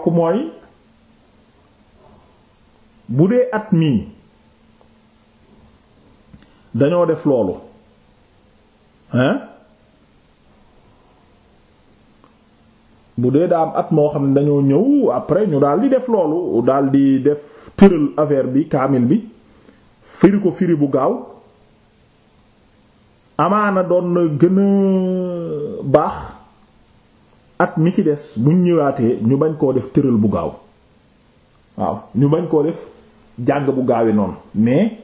yokk mooy bu dee at mii dañoo def loolu hein bu dee daa am at moo xam ne dañoo ñëw après ñu daal di def loolu daal di def tëral affaire bi kaamil bi firi ko firi bu gaaw amaana doon na baax at mi ci des buñ ñëwaatee ñu bañ koo def tëral bu gaaw waaw ñu bañ koo def jàng bu gaawee noonu mais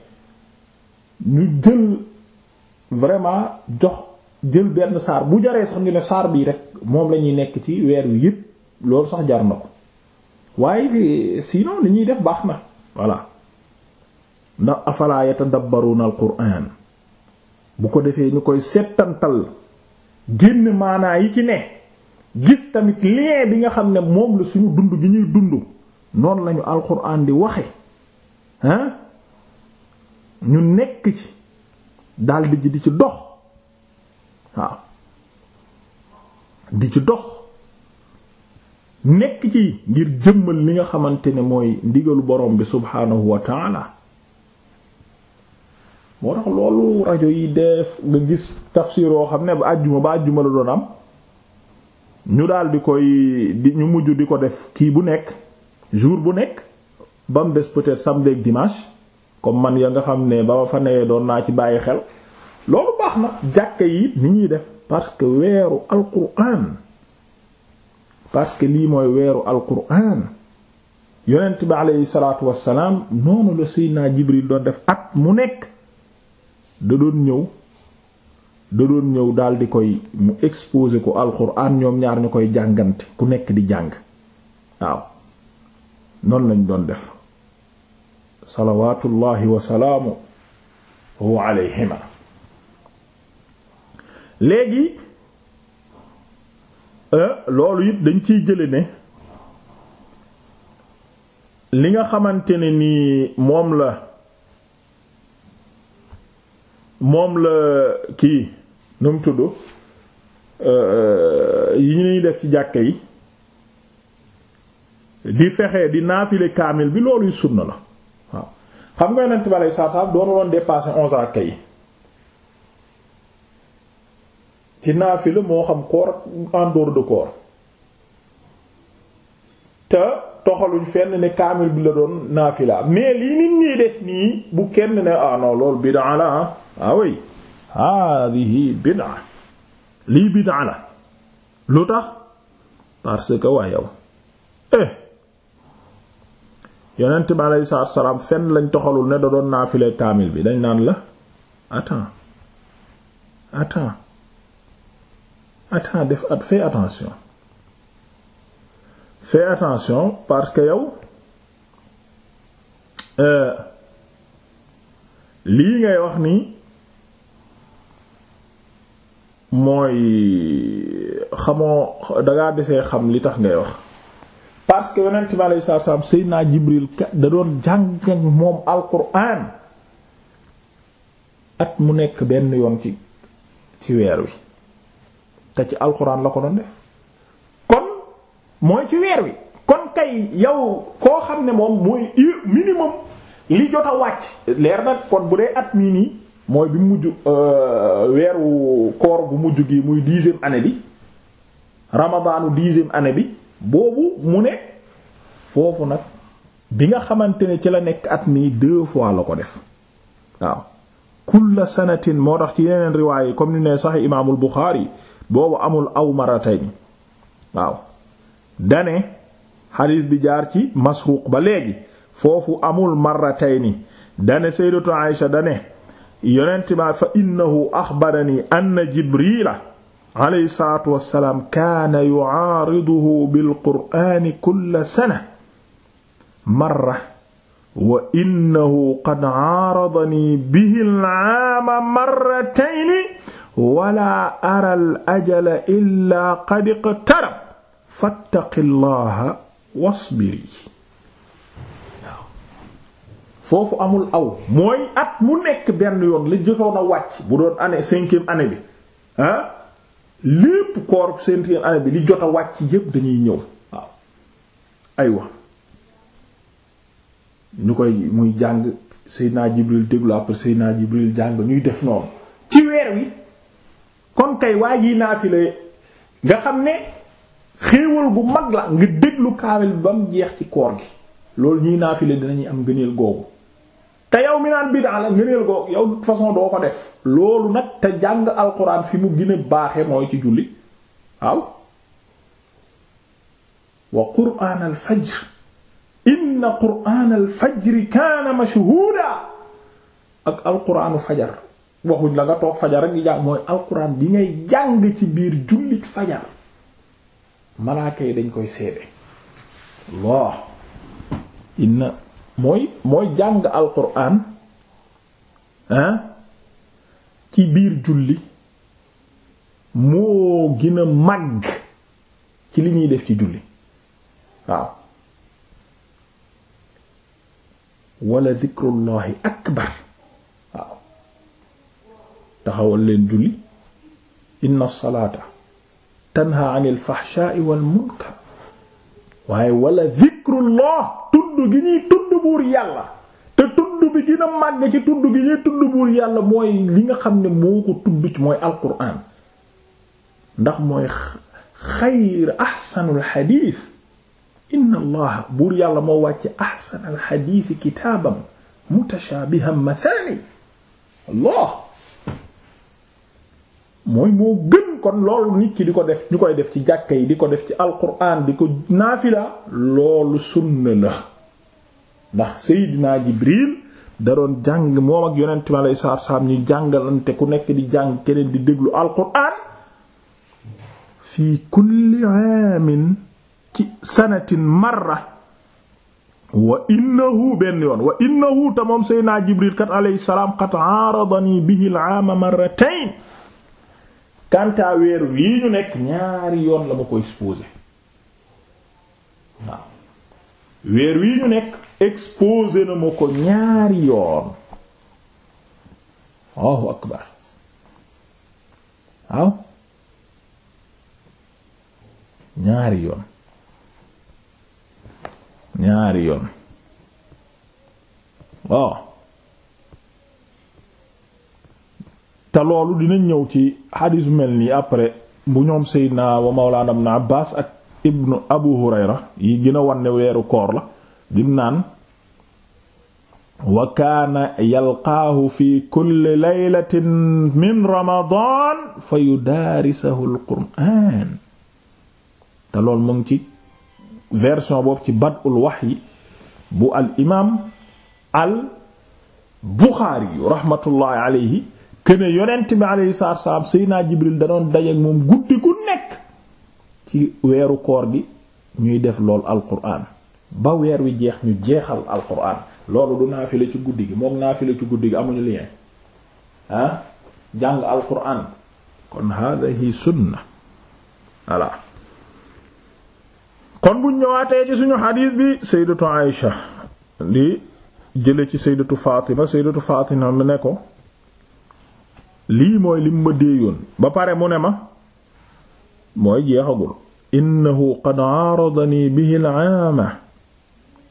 ñu jël vraiment jox jël benn saar bu jaree sax ñu ne saar bii rek moom la ñuy nekk ci weer wi yépp loolu sax jar na ko waaye sinon li ñuy def baax na voilà ndax afalaa yatadabbaruna al quran bu ko defee ñu koy settantal génn maanaa yi ci ne gis tamit lien bi nga xam ne moom la suñu dund gi ñuy dund noonu lañu alxuraan di waxe hein ñu nekk ci daldi ji di ci dox waaw di ci dox nekk ci ngir jëmmal li nga xamante ne mooy ndigalu borom bi subhaanahu wa taala moo tax loolu rajo yi def nga gis tafsir yoo xam ne ba àjjuma ba àjjuma la doon am ñu daal di koy di ñu mujj di ko def kii bu nekk jour bu nekk ba des peut-être samedi comme man ya nga xam ne ba ma fa newee doon naa ci bàyyi xel loolu baax na jàkka yi ni ñuy def parce que weeru alquran parce que lii mooy weeru alquran yonent bi aleyhi salaatu wassalaam noonu la Seydina Jibril doon def at mu nekk da doon ñëw da doon ñëw daal koy mu exposé ko alxuraan ñoom ñaar ñu koy jàngante ku nekk di jàng waaw noonu lañ doon def salawatullahi wasalaamu alayhima léegi euh, loolu it dañ ciy jële ne li nga xamante ne nii moom la moom la kii nu mu tudd euh, euh, yi ñuy def ci jàkke yi di fexe di naafile kaamil bi loolu sunna la waaw xam nga yonent bi aleyhi salaatu salaam doonu woon onze rakka yi ci naafile moo xam koor en dehors de te toxaluñ fenn ne kaamil bi la doon naafila mais lii nit ñi def nii bu kenn ne ah non loolu bid'a la ah away ah hadihi bid'a lii bid'a la lu tax parce que waa yow eh yonent bi aleyhi salaatu salaam fenn lañ toxalul ne da doon naafile kaamil bi dañ naan la attends attends attends def at fais attention fais attention parce que yow euh, lii ngay wax nii mooy xamoo dangaa desee xam li tax ngay wax parce que yonent bi alayhi salaatu salaam Seydina Jibril da doon jàng moom alquran at mu nekk benn yoon ci ci weer wi te ci alquran la ko doon def mooy ci weer wi kon kay yow koo xam ne moom mooy minimum li jot a wàcc leer nag kon bu dee at mii nii mooy bi mujj euh, weeru koor gu mujj gi muy dixième année bi ramadaanu dixième année bi boobu mu ne foofu nag bi nga xamante ne ci la nekk at mii deux fois la ko def waaw kulla sanatin moo tax ci yeneen riwaay yi comme ni ne sax imaamul Buxaari boobu amul aw maratayni waaw dane xadiis bi jaar ci masruuq ba léegi foofu amul marratayni dane sayyidatu Aïsha dane yonent ba fa innahu axbarani anna jibrila alayhi salaatu wassalaam kaana yu'aariduhu bil qur'aani kulla sana marra wa innahu qad aaradani bihi al-aama marratayni wala ara al ajala illa qad iqtarab fattaqillaha wasbiri waaw foofu amul aw mooy at mu nekk benn yoon li jotoon a wàcc bu doon année cinquième année bi ah lépp koor cinquième année bi li jot a wàcc yépp dañuy ñëw waaw aywa ñu koy muy jàng Seydina Jibril déglu après Seydina Jibril jàng ñuy def noonu ci weer wi kon kay waa yi naafile nga xam ne xéewal gu mag la nga déglu kaamil bi ba mu jeex ci koor gi loolu ñuy naafile dinañuy am ngëneel googu te yow mi naan bid'a la ngëneel googu yow de façon doo ko def loolu nag te jàng alxuraan fi mu gën baaxe mooy ci julli waaw wa qur'aan al inna qur'aan al kaana mashhuuda ak alxuraanu fajar waxuñ la nga toog fajar ak di jàng mooy alxuraan bi ngay jàng ci biir jullit fajar malaaka yi dañ koy seede Allah inna mooy mooy jàng alquran ah ci biir julli moo gën a màgg ci li ñuy def ci julli waaw wala dikrullahi akbar waaw taxawal leen julli inna salaata tanha anil fahsha'i wal munkar waaye wala zikrullah tudd gi ñuy tudd buur yàlla te tudd bi gën a màgg tudd gi ñuy tudd buur yàlla mooy li nga xam ne moo ko tudd ci mooy alquran ndax mooy xayr ahsanul xadiis inna allah buur yàlla moo wàcce ahsanul xadiis kitaabam mutashaabihan mathani allah mooy moo gën kon loolu nit ki di ko def ñu koy def ci jàkka yi di ko def ci alquran di ko naafila loolu sunna la ndax Seydina Jibril da doon jàng moom ak yonent mi alayhi salaatu salaam ñu jàngalante ku nekk di jàng keneen di déglu alquran fii kulli aamin ci sanatin marra wa innahu benn yoon wa innahu te moom Seydina kat alayhi salaam qad aaradani bihi al-aama marratayn kanta weer wii ñu nekk ñaari yoon la ma ko exposé waaw weer wii ñu nekk exposé na ma ko ñaari yoon Allahu akbar waaw ñaari yoon waaw te loolu dinañ ñëw ci xadis bu mel nii après bu ñoom Seydina wa Mawlana Ibn Abbas ak Abu Hurayra yi gën wanne weeru koor la dim wa kaana yalqaahu fi kulli laylatin min ramadan fa yudaarisahu alqur'an te loolu mu ngi ci version boobu ci bad'ul wahyi bu al imaam al Buxaari rahmatullahi alayhi këne yonent bi alayhi salaatu salaam Seydina Jibril da doon dajeek moom guddi gu nekk ci weeru koor gi ñuy def lool alquran ba weer wi jeex ñu jeexal alquran loolu du naafile ci guddi gi moom naafile ci guddi gi amuñu lien ah jàng alquran kon hadihi sunna voilà kon buñ ñëwaatee ci suñu xadiis bi sayyidatu Aïsha li jële ci sayyidatu Fatima sayyidatu Fatima ne ko lii mooy lim ma déeyoon ba pare mu ne ma mooy jeexagul innahu qad aaradani bihi al-aama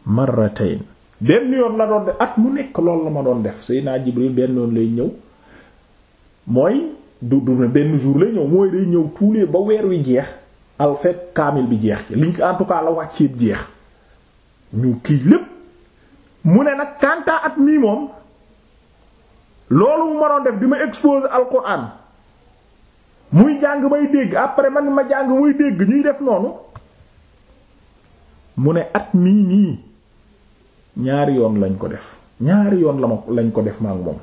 marratayn benn yoon la doon def at mu nekk loolu la ma doon def Seydina Jibril benn yoon lay ñëw mooy du du ne benn jour lay ñëw mooy day ñëw tous ba weer wi jeex al fekk kaamil bi jeex ci liñ en tout cas la wàcceeb jeex ñu kii lépp mu ne nag kantaa at mii moom loolu mu ma doon def di ma exposer alquran muy jàng may dégg après man ma jàng muy dégg ñuy def noonu mu ne at mii nii ñaari yoon lañ ko def ñaari yoon la ma lañ ko def maak moom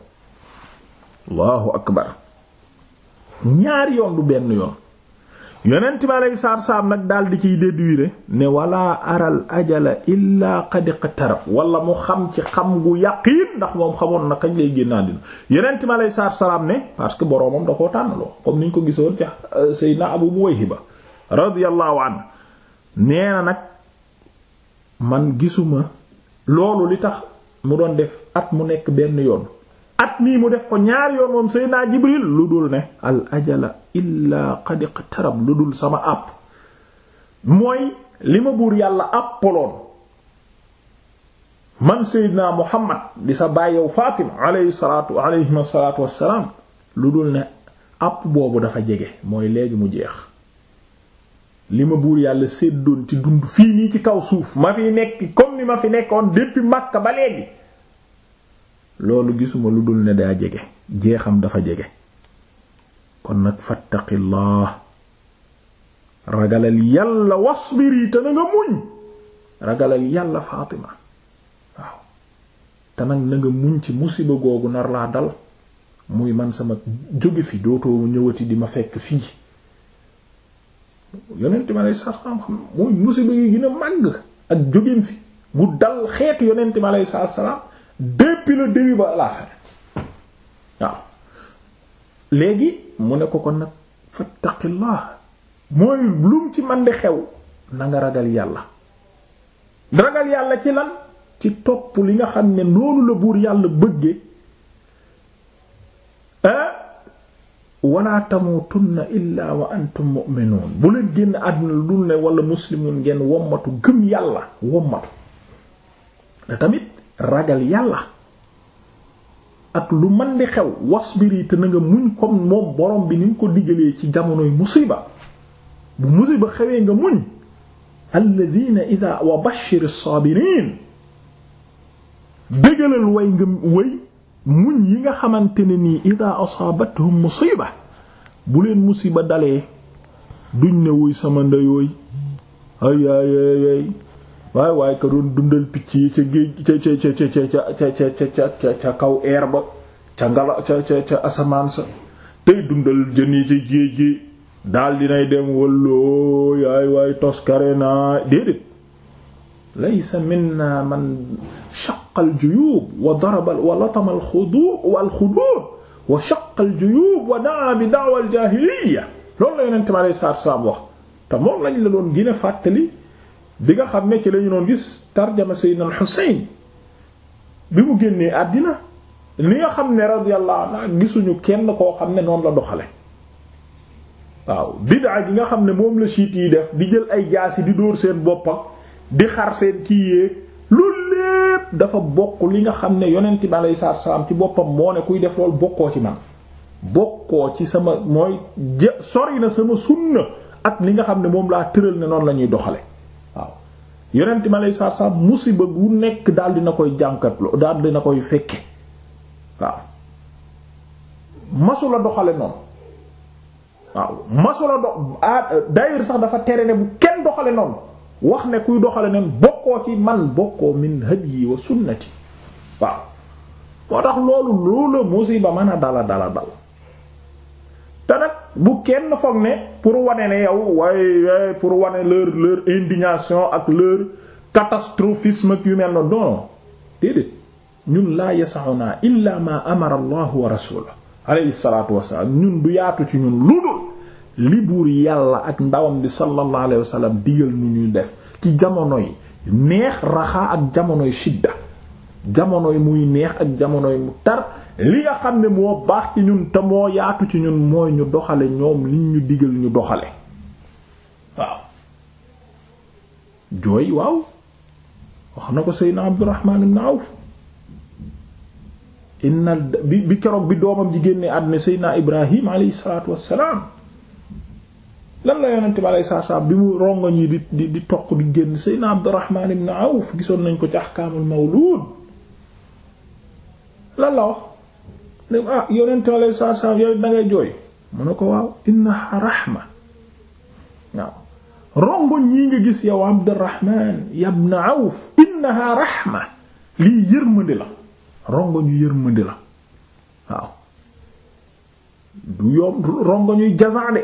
allahu akbar ñaari yoon du benn yoon yonent bi aleyhi salaatu salaam nag daal di ciy déduire ne wala aral ajala illaa qad iqtarab wala mu xam ci xam gu yaqiin ndax moom xamoon na kañ lay génn àddina yonent bi aleyhi salaatu salaam ne parce que boroomam da koo tànnaloo comme ni ñu ko gisoon ca euh, Seydina Abu Muwayhiba radiyallahu anhu nee na nag man gisuma loolu li tax mu doon def at mu nekk benn yoon. at mii mu def ko ñaari yoon moom Seydina Jibril lu dul ne al ajala illaa qad iqtarab lu dul sama àpp mooy li ma buur yàlla àppaloon man Seydina Muhammad di sa bàyyow Faatima alayhi salaatu alayhim lu dul ne àpp boobu dafa jege mooy léegi mu jeex li ma buur yàlla séddoon ci dund fii nii ci kaw suuf ma fi nekk comme ni ma fi nekkoon depuis Makka ba leegi loolu gisuma lu dul ne daa jege jeexam dafa jege kon nag fattaqillah ragalal yàlla wasbiri te na nga muñ ragalal yàlla Fatima waaw te nag na nga muñ ci musiba googu nar laa dal muy man sama jóge fi dootoo ñëwati di ma fekk fii yonent mi alay saa salaam xam muy musiba yi gën a ak jógeen fi bu dal xeetu yonent mi alay saa salaam depuis le début ba la waaw léegi mu ne ko ko nag fattaqillah mooy lum ci man di xew na ragal yàlla ragal yàlla ci lan ci topp li nga xam ne noonu la buur yàlla bëgge ah? wala tamuutunna illaa wa antum mu'minuun bu leen génn àdduna lu dul ne wala muslimun ngeen wommatu gëm yàlla wommatu da tamit ragal yàlla ak lu man di xew was te na nga muñ comme moom borom bi ni mu ko digalee ci jamonoy musiba bu musiba xewee nga muñ alladina ida wa bashir as-sabirin bégalal way muñ yi nga xamante ne nii ida asaabathum musiba bu leen musiba dalee duñ ne wuy sama ndeyooy ay ay ay waaye waaye ka doon dundal picc yi ca géej ca ca ca ca ca ca ca kaw air ba ca ngala ca ca ca asamaan sa tey dundal jën yi ca géej gi daal dinay dem walloo yaay waay toskare naa déedéet laysa minna man shaqqa al-juyuub wa daraba wa latama al-xuduud wa shaqqa al-juyuub wa da'a bi da'wa al-jaahiliyya loolu la Yonent mi alayhi salaatu wa salaam wax te moom lañ la doon gën a fàttali bi nga xam ne ci lañu doon gis tarjama Seydina Al-Husayn bi mu génnee àddina li nga xam ne radiyallahu anhu gisuñu kenn koo xam ne noonu la doxale waaw bid'a gi nga xam ne moom la siit yi def di jël ay jaasi di dóor seen bopp di xar seen kii yéeg loolu lépp nga xam ne yonent bi alayhi salaatu salaam ci boppam kuy def bokkoo ci man bokkoo ci sama mooy sori na sama sunna ak li nga xam ne moom laa tëral ne noonu la ñuy doxale yonent mi aleyhi salaatu salaam musiba bu nekk daal dina koy jànkat daal dina koy fekke waaw doxale noonu waaw masula sax dafa tere ne bu kenn doxale noonu wax ne kuy doxale noonu bokkoo ci man bokkoo min hadyi wa sunnati waaw moo tax loolu loola musiba mën a dala dala dal te bu kenn foog ne pour wane ne yow waaye pour wane leur leur indignation ak leur catastrophisme ak yu mel na non déedéet ñun laa yasaxunaa illa ma amara allahu wa rasuluhu alayhi salatu wasalaam ñun du yaatu ci ñun lu dul li buur yàlla ak ndawam bi sallallahu alayhi wa sallam digal nu ñuy def ci jamonoy neex raxaa ak jamonoy shidda yi muy neex ak jamonoy mu tar li nga xam ne moo baax ci ñun te moo yaatu ci ñun mooy ñu doxale ñoom liñ ñu digal ñu doxale waaw jooy waaw wax na ko seydna Abdurrahman ibn Awf inna bi bi keroog bi doomam ji génne àddina seydna Ibrahim alayhi salaatu wassalaam lan la yonente bi mu rongoñ yi di di toq di génn seydna Abdurrahman ibn Awf gisoon nañ ko ci ahkaamul mawlud lan la wax ne ah yonent alayhi ko waaw gis yow Abdurrahman ibn Awf innaha rahma lii yërmande la la waaw du yom rongoñuy jazaa de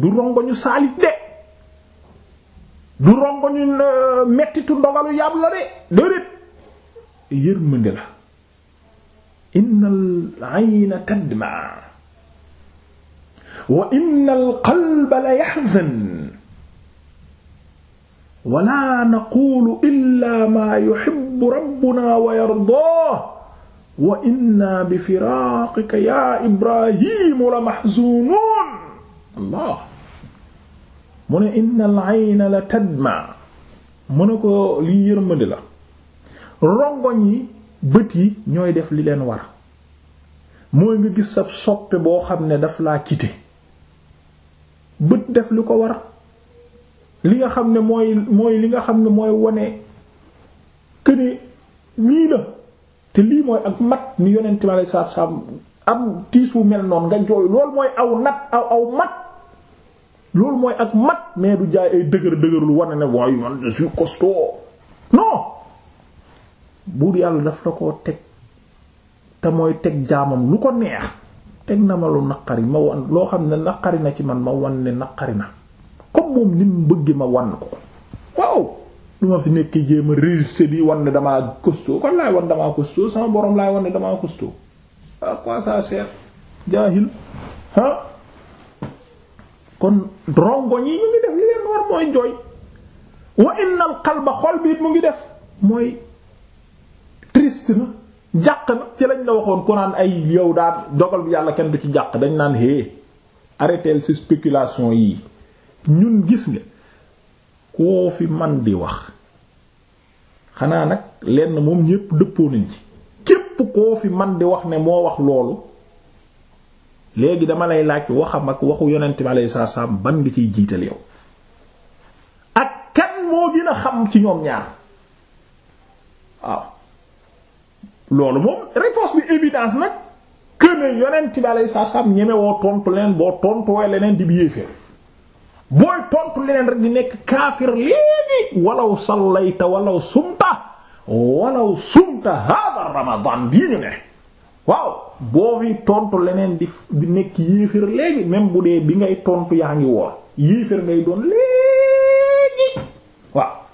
du rongoñu saalit de du rongoñu euh, mettitu ndogalu yàlla de déedéet yërmande innal ayna tadma wa innal qalba la yahzan wa laa naqulu illa ma yuhibbu rabbuna wa yardaa wa inna bi firaaqika ya ibrahimu la mahzuunuun allah mu ne innal ayna la tadma mu ne ko lii yërmande la rongoñ yi bët yi ñooy def li leen war mooy nga gis sa soppe boo xam ne daf laa quitté bët def li ko war li nga xam ne mooy mooy li nga xam ne mooy wone këne nii la te lii mooy ak mat ni yonent ma lay saab saab am tiis wu mel noonu nga jooy loolu mooy aw nat aw aw mat loolu mooy ak mat mais du jaay ay dëgër dëgër lu wane ne waaye man je suis costaud non buur yàlla daf la koo teg te mooy teg jaamam lu ko neex teg na ma lu naqari ma wan loo xam ne naqari na ci man ma wan ne naqari na comme moom ni mu bëgg ma wan ko waaw lu fi nekk jéem a résister bi wan ne damaa costaud kon laay wan damaa costaud sama borom laay wan damaa costaud à quoi ça sert jaahil ah kon rongo ñi ñu ngi def leen war mooy jooy wa innal qalba xol bi mu ngi def mooy triste na jàq na ci lañ la waxoon ku naan ay yow daa dogal bi yàlla kenn du ci jàq dañ naan hé arrêteel ces spéculations yii ñun gis nga koo fi man di wax xanaa nag lenn moom ñépp dëppoo nañ ci képp koo fi man di wax ne moo wax loolu léegi dama lay laaj waxam ak waxu yonent bi alayhi salaam ban ngi ciy jiital yow ak kan moo gën a xam ci ñoom ñaar waaw loolu moom réponse bi évidence nag que ne yonent bi alayhi salaam ñeme woo tontu leneen boo tontuwee leneen di bi yéeféer booy tontu leneen rek di nekk kaafir léegi wallaw sallayta walaw sumta walaw sumta hada ramadan bii ñu ne waaw boo fi tontu leneen di di nekk yéeféer léegi même bu dee bi ngay tontu yaa ngi woor yéeféer ngay doon léegi waaw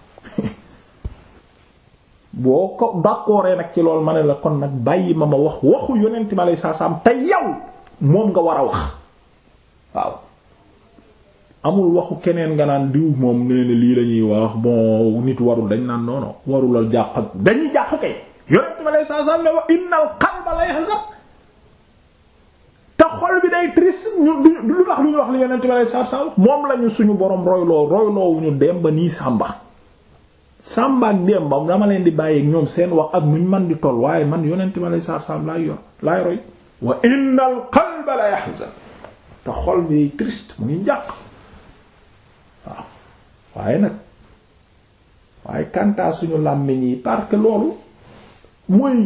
boo ko d'accordee nag ci loolu ma ne la kon nag bàyyi ma ma wax waxu yonent ma lay saasaam te yow moom nga war waxu keneen nga naan diw moom lii la wax bon nit dañ naan non non warulal jàq dañuy jàq kay xol bi day triste ñu moom lañu suñu boroom royloo royloowu ñu dem ba nii sàmba Samba ak Demba dama leen di bàyyeeg ñoom seen wax ak nuñ man di toll waaye man yonent ma lay saar saam laay yor laay roy wa innal qalba la yahzan te xol bi triste mu ngi njàq waaw waaye nag waaye kantaa suñu làmmiñ yi parce que loolu mooy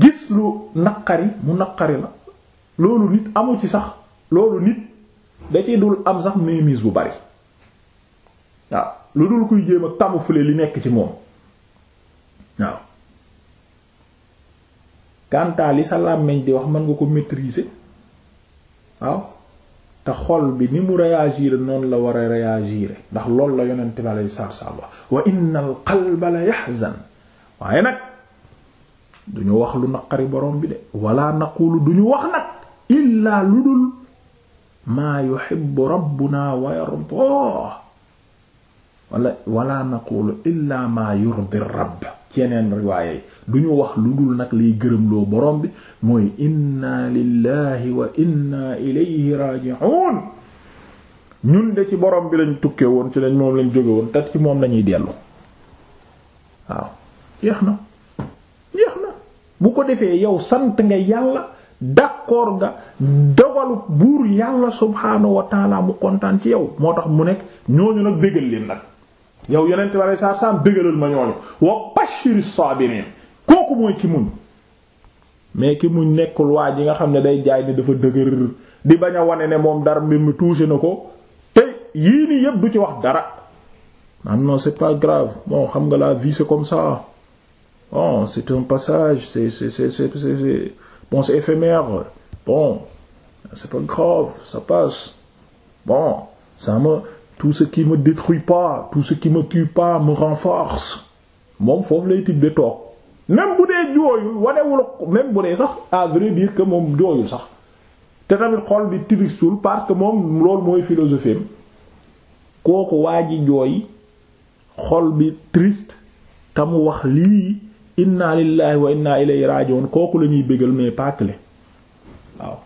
gis lu naqari mu naqari la loolu nit amu ci sax loolu nit da ci dul am sax mémise bu bari waaw lu dul kuy jéem a camoufler li nekk ci moom waaw kantaa li sa làmmiñ di wax mën nga ko maîtriser waaw te xol bi ni mu réagir noonu la war a réagir ndax loolu la yonent bi aleyhi salaatu salaam wax wa waaye nag duñu wax lu naqari borom bi de wala naqulu duñu wax nag illaa lu dul maa yuhibbu rabbuna wa wala walaa naqulu illa ma yurdi rabb ci yeneen riwaaya yi du ñu wax lu dul nag liy gërëmloo borom bi mooy inna lillahi wa inna ilayhi raji'un ñun de ci borom bi lañ tukkee woon ci lañ moom lañ jóge woon tat ci moom lañuy dellu waaw jeex na jeex na bu ko defee yow sant nga yàlla d'accord nga dogalu buur yàlla subhaanahu wa taala mu kontaan ci yow moo tax mu nekk ñooñu la déggal leen nag yow yonent bi alei satu salaam bégalal ma ñooñu wa bashiri saabiriin kooku mooy ki muñ mais ki muñ nekkul waa ji nga xam ne day jaay ni dafa dëgër di bañ a wane ne moom dara mbir mi touché na ko te yii nii yëpp du ci wax dara ah non c'est pas grave bon xam nga la vie comme ça bon c'est un passage c'est c'est c'est c'est bon c'est éphémère bon c'est pas grave ça passe bon ça me tout ce qui me détruit pas tout ce qui me tue pas me renforce moom foofu lay tibbe toog même bu dee jooyul wanewul même bu dee sax à vrai dire que moom jooyul sax te tamit xol bi tiristul parce que moom loolu mooy philosophie kooku waa ji jooy xol bi triste te mu wax lii inna lillahi wa inna ilayhi raji'un kooku la ñuy bégal mais pacale waaw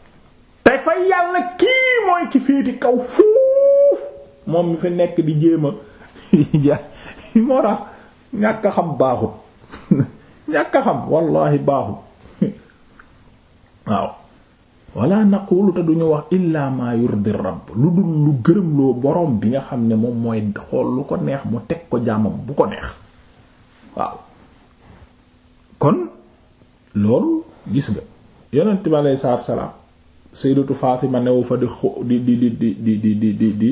te fa yàlla kii mooy ki féeti kaw fuu moom mi fi nekk di jéema a jaay moo tax ñàkk a xam baaxut ñàkk a xam wallahi baaxut waaw wala naqulu te duñu wax illa ma yurdi rabb lu dul lu gërëm loo borom bi nga xam ne moom mooy xool lu ko neex mu teg ko jaamam bu ko neex waaw kon loolu gis nga yonent bi aleyhi salaatu salaam sayyidatu Fatima newu fa di xo di di di di di di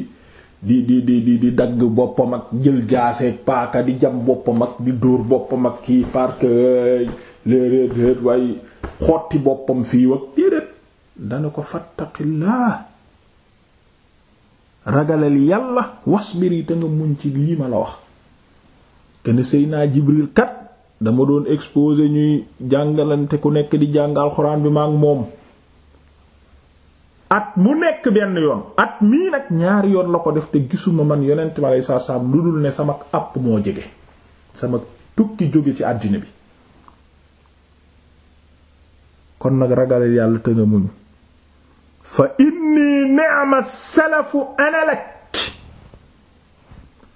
di di di di dagg boppam ak jël jaaseeg paaka di jam boppam ak di dóor boppam ak kii parce que léeréet waaye xotti boppam fii wax déedéet dana ko fattaqillah ragalal yàlla wasbiri te nga muñ ci lii ma la wax kenn Seydina Jibril kat dama doon exposé ñuy jàngalante ku nekk di jàng alxuraan bi ma ak moom at mu nekk benn yoon at mii nag ñaari yoon la ko def te gisuma man yonent ma lay saar lu dul ne sama àpp moo jege sama tukki jóge ci àddina bi kon nag ragal yàlla te nga muñu fa inni ni'ma salafu ana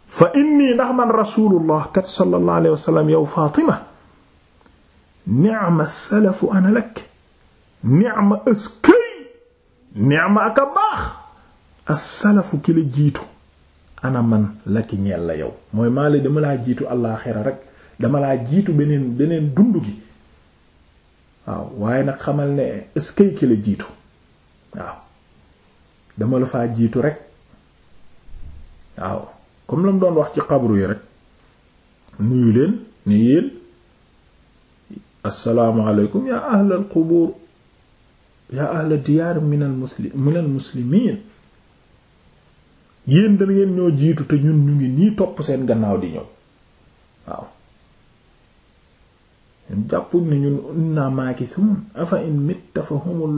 fa inni ndax man rasulullah kat sallallahu alayhi wasallam yow Fatima ni'ma salafu ana lak ni'ma ëskë ni'ma ak a baax as-salafu ki la jiitu ana man la ki ñeel la yow mooy maa la dama laa jiitu allaaxira rek dama laa jiitu beneen beneen dund gi waaw waaye nag xamal ne est ki la jiitu waaw dama la faa jiitu rek waaw comme la mu doon wax ci xabru yi rek nuyu leen ne yéen assalaamu alaykum yaa ahlal qubuur yaa ahla diyaar minal muslim minal muslimiin yéen da ñoo jiitu te ñun ñu ngi nii topp seen gannaaw di ñëw waaw ñun jàppul ne ñun inna maakisuun afa in mitta fa humul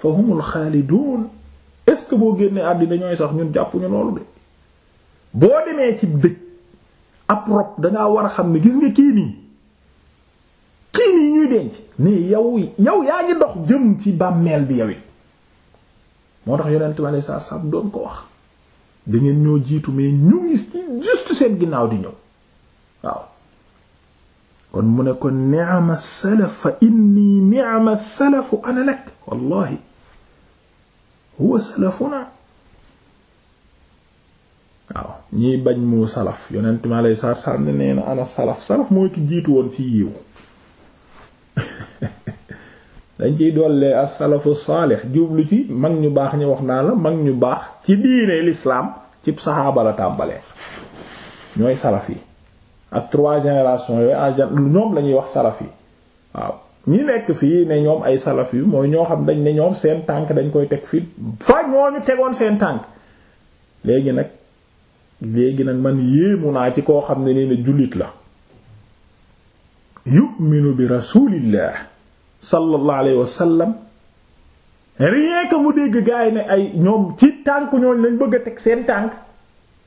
fa humul xaaliduun est-ce que boo génnee àddina ñooy sax ñun jàppuñu loolu de boo demee ci dëj ab dangaa war a xam ne gis nga kii nii ñuy denc nii yow yow yaa ngi dox jëm ci bàmmeel bi yawit moo tax yonent ma jiitu mais ñu ngi di ñëw kon mu ne ko salaf fa inni ni'ma salafu ana lak wallahi huwa salafuna waaw ñiy bañ mu salaf yonent ma lay saa saab ne nee salaf salaf mooy ki jiitu woon ci yiw dañ ciy dollee as-salafu saalih jublu ci mag ñu baax ñu wax naa la mag ñu baax ci diine lislaam ci saxaaba la tàmbalee ñooy salaf yi ak trois génération yooyu lu ñoom la ñuy wax salaf yi waaw ñi nekk fii ne ñoom ay salaf yu mooy ñoo xam dañ ne ñoom seen tànk dañ koy teg fii fa ñooñu tegoon seen tànk léegi nag léegi nag man yéemu naa ci koo xam ne nee na jullit la yu'minu bi rasulillah sallallahu alayhi wa sallam mu dégg gaa ne ay ñoom ci tànk ñooñ lañ bëgg a teg seen tànk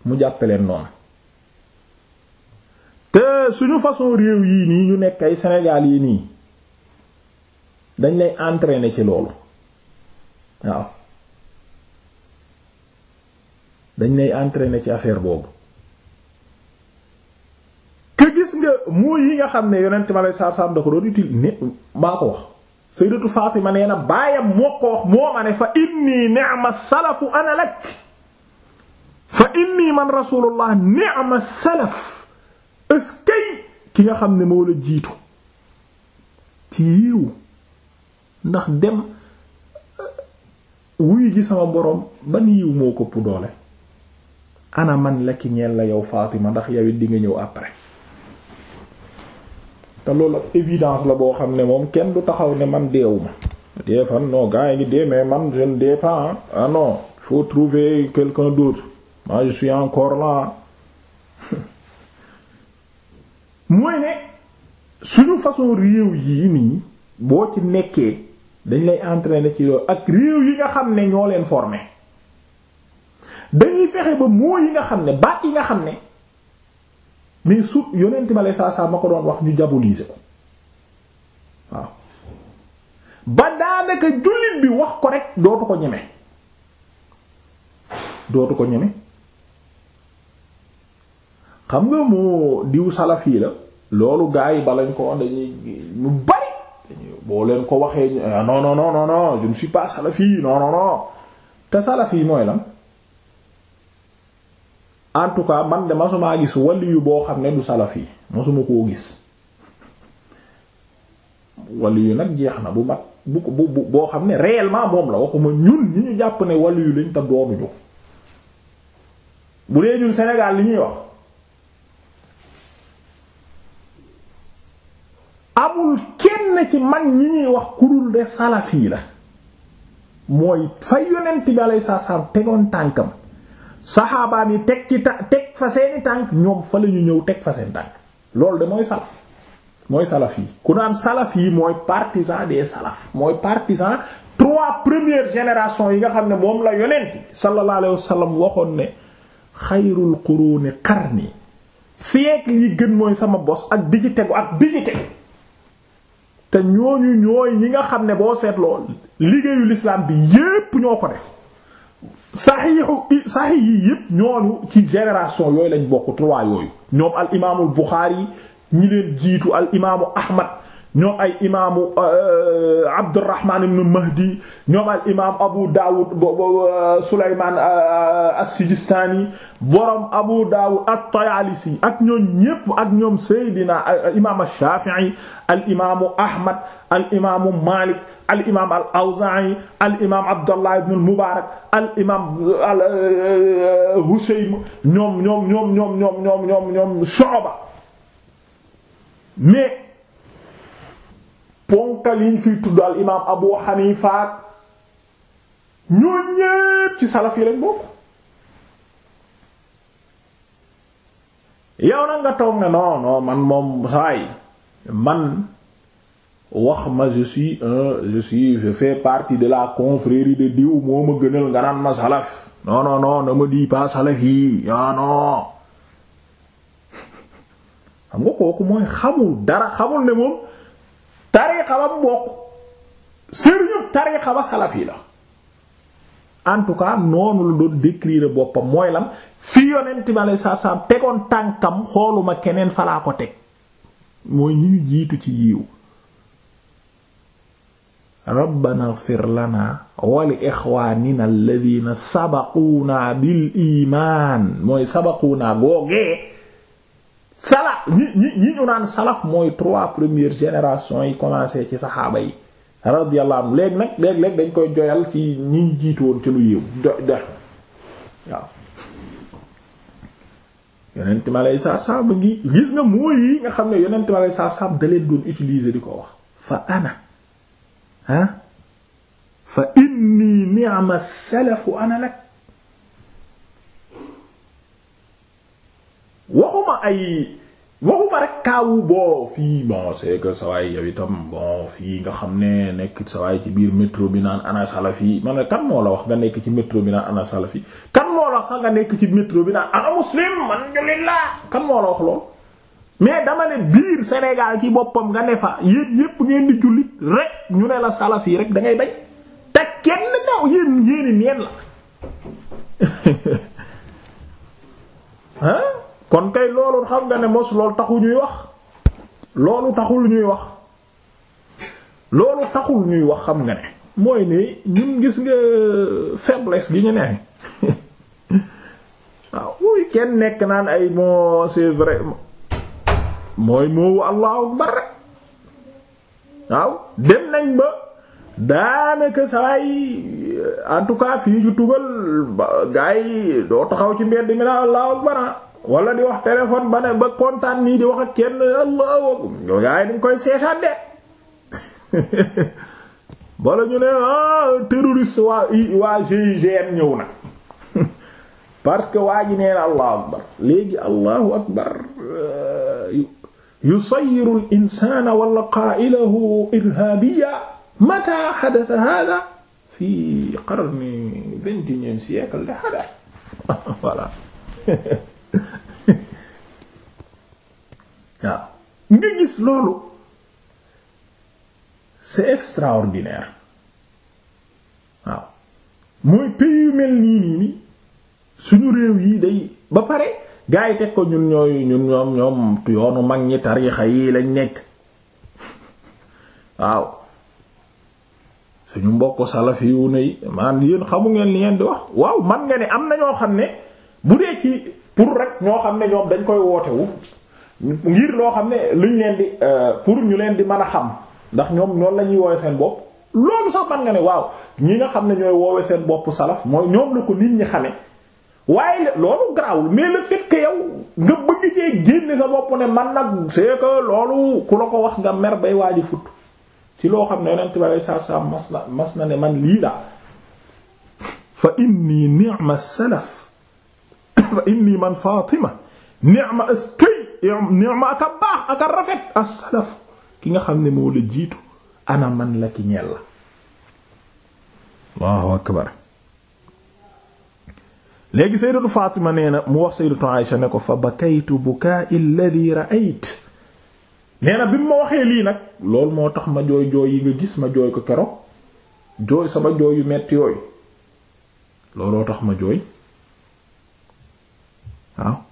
mu jàppe leen noonu te suñu façon réew yii nii ñu nekk ay Sénégal yii nii dañ lay entraîner ci loolu waaw dañ lay entraîner ci affaire boobu que gis nga mooy yi nga xam ne yonent ma lay saar-saam da ko doon utile ne maa ko wax sayyidatu Fatima nee na moo ko wax moo ma ne fa inni ni'ma salafu ana lak fa inni man rasulullah ni'ma salaf eskay ki nga xam ne moo la jiitu ci yiw ndax dem wuyu ji sama borom ban yiw moo ko ëpp doole ana man lekk ki la yow Fatima ndax yow it nga ñëw après te loolu ak évidence la boo xam ne moom kenn du taxaw ne man deewuma dee fan non gars yi ngi dee mais man je ne dee pas ah non il faut trouver quelqu'un d'autre ma je suis encore là mooy ne suñu façon réew yi nii boo ci nekkee dañ lay entraîner ci loolu ak réew yi nga xam ne ñoo leen forme dañuy fexe ba moo yi nga xam ne baat yi nga xam ne mais su yonent ma lay saa saa ma ko doon wax ñu diaboliser ko waaw ba daanaka jullit bi wax ko rek dootu ko ñeme dootu ko ñeme xam nga mu diw salafi la loolu gaa yi balañ ko wax dañuy ñu bari boo leen ko waxee ah non non non non non suis pas salafi non non non te salafi mooy lan. en tout cas man de masumaa gis waliyu boo xam ne du salaf yi masuma koo gis yu nag jeex na bu mat bu bu boo xam ne réellement moom la waxuma ñun ñi ñu jàpp ne waliyu lañ te doonuñu bu dee ñun Sénégal li ñuy wax amul kenn ci man ñi ñuy wax kurul de salaf la mooy fa yonent bi alayhi salaam tegoon tànkam saxaabaam yi teg ci ta teg fa seeni tànk ñoom fa la ñu ñëw teg fa seen tànk loolu de mooy salaf mooy salaf yi ku naan salaf yi mooy partisan des salaf mooy partisan trois première générations yi nga xam ne moom la yonent sallallahu alayhi wasallam waxoon ne xayrul quruni qarni siècle yi gën mooy sama bos ak bi ci ak bi te ñooñu ñooy ñi nga xam ne boo seetloo liggéeyu lislaam bi yépp ñoo ko def saxiixu saxiix yi yëpp ñooñu ci génération yooyu lañ bokk trois yooyu ñoom al imaamul Buxaari ñi leen jiitu al imaamu Ahmad ñoom ay imaamu euh, euh, Abdurrahman ibn Mahdi ñoom al imaam Abu Dawud euh, Sulaymaan as-Sijistaani borom Abu Dawud at-Tayaalisi ak ñoom ñépp ak ñoom Seydina imaam ash-Shaafi'i al imaamu Ahmad al imaamu Maalik al imaam al Awzaa'i al imaam Abdullah ibn al-Mubaarak al imaam al Husaym ñoom ñoom ñoom ñoom ñoom ñoom ñoom ñoom Shu'ba mais ponkal yiñ fiy tudd imaam Abu Hanifa ñoo ñépp ci salaf yi lañ bokk yow nag nga toog ne non non man moom saay man wax ma je suis un partie de la confrérie de diw moo ma gënal nga naan ma salaf non non non ne me dis salaf yi ah xam nga kooku mooy xamul dara xamul ne moom tariixa ba mu bokk sëriñu tariixa ba salafi la en tout cas noonu la doon décrire boppam mooy lan fi yonent bi alayhi salaam tegoon tànkam xooluma keneen falaa ko teg mooy ñi jiitu ci yiw rabbana ighfir lana wa li sabaquuna bil imaan mooy sabaquuna googee sala ñi ñi ñi ñu naan salaf mooy trois premières générations yi commencé ci saxaaba yi radiyallahu anhu léegi nag léeg-léeg dañ koy joyal ci ñu jiitu woon ci lu yéew dox waaw yonent mi aleyhi salaatu ngi gis nga mooy yi nga xam ne yonent mi aleyhi salaatu salaam da leen doon utiliser di ko wax fa ana ah fa inni ni'ma salafu ana lak waxuma ay waxuma rek kaawu boo fii bon c'est que sawaay yow itam bon fii nga xam ne nekk sawaay ci biir métro bi naan ana salafi man ne kan moo wax nga nekk ci métro bi naan ana salafi kan moo la nekk ci métro bi naan ana muslim man jullit laa kan moo la wax lool mais dama ne biir Sénégal ci boppam nga ne fa yéen yépp ngeen jullit rek ñu ne la salafi rek da ngay bañ te kenn naw yéen yéeni neen la kon kay loolu xam nga ne mos lool taxu ñuy wax loolu taxul ñuy wax loolu taxul ñuy wax xam nga ne mooy nii ñun gis nga faiblesse gi ñu ne waaw uy kenn nekk naan ay moo c'est vrai mooy moowu allahu akbar rek waaw dem nañ ba daanaka saay en tout cas fii ju tugal gars yi doo taxaw ci mbedd mi naan allahu akbar ah. wala di wax téléphone ba ne ba kontaan nii di wax ak kenn allahu yow yaa ngi dañ koy seetaan bala ñu ne ah terroriste waa waa GIGN ñëw na parce que waa ji nee na allahu akbar léegi allahu akbar euh, yusayyiru al-insaana wala qaa'iluhu irhaabiyya mata hadatha hadha fi qarni vingt-et-unième siècle de hadath waaw nga gis loolu c'est extraordinaire waaw mooy pays yu mel nii nii suñu réew yi day ba pare gaa yi teg ko ñun ñooy ñun ñoom ñoom yoonu mag ñi tariixa yi lañ nekk waaw suñu mbokk salafi wu ne man yéen xamu ngeen li ngeen di wax waaw man nga ne am na ñoo xam ne bu dee ci pour rek ñoo xam ne ñoom dañ koy wootewu ngir loo xam ne luñ leen di euh, pour ñu leen di man a xam ndax ñoom loolu lañuy ñuy woowe seen bopp loolu sax man nga ne waaw ñi nga xam ne ñooy woowe seen bopp salaf mooy ñoom ko nit ñi xamee waaye loolu garaawul mais le fait yow nga bëgg cee sa bopp ne man nag c'est que ku la ko wax nga mer bay waaji fut ci loo xam ne yonent ba lay saar saar mas na mas na ne man lii laa fa inni ni'ma salaf fa inni man Fatima ni'ma askay ni'ma aka baax aka rafet as ki nga xam ne moo la jiitu ana man la ki ñel la allahu akbar léegi sayyidatu Fatima nee na mu wax sayyidatu Aïsha ne ko fa bakaytu bukaa alladhi ra'ayt nee na bi mu ma waxee lii nag loolu moo tax ma jooy jooy yi nga gis ma jooy ko keroog jooy sama jooy yu metti yooyu looloo tax ma jooy waaw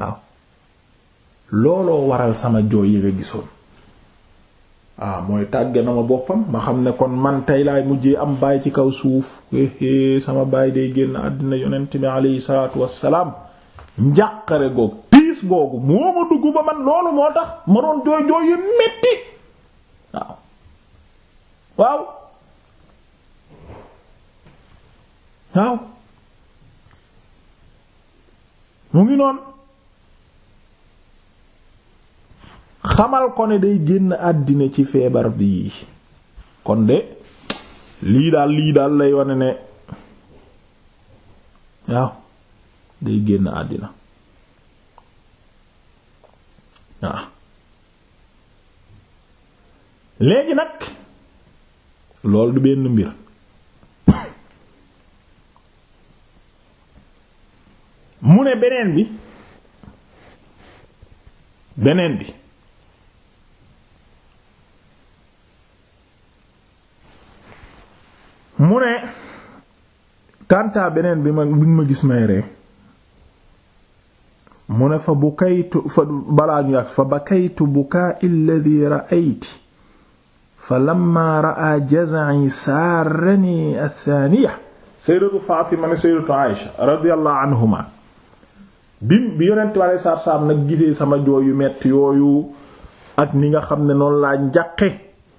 waaw looloo waral sama jooy yi nga gisoon waaw ah, mooy tàgg na ma boppam ma xam ne kon man tey laay mujjee am baay ci kaw suuf sama baay day génn àddina yonent bi aleyhi salaatu wassalaam njàqare googu piis googu moo ma dugg ba man loolu moo tax ma doon jooy jooy yu metti waaw waaw mu ngi noonu xamal ko ne day génn àddina ci feebar bii kon de lii daal lii daal lay wane ne waaw day génn àddina waaw léegi nag loolu du benn mbir mu ne beneen bi beneen bi mu ne kàntaa beneen bi ma bi ma gis may ree mu ne fa bukaytu fa balaa ñu yàgg fa bakaytu bukaa alladhi ra'ayti fa lamma ra'a jaz'i sarani athaniya sayyidatu Fatima ne sayyidatu Aisha radiyallahu anhuma bi bi yonent bi alayhi nag gisee sama jooy yu metti yooyu ak ni nga xam ne noonu laa njaqe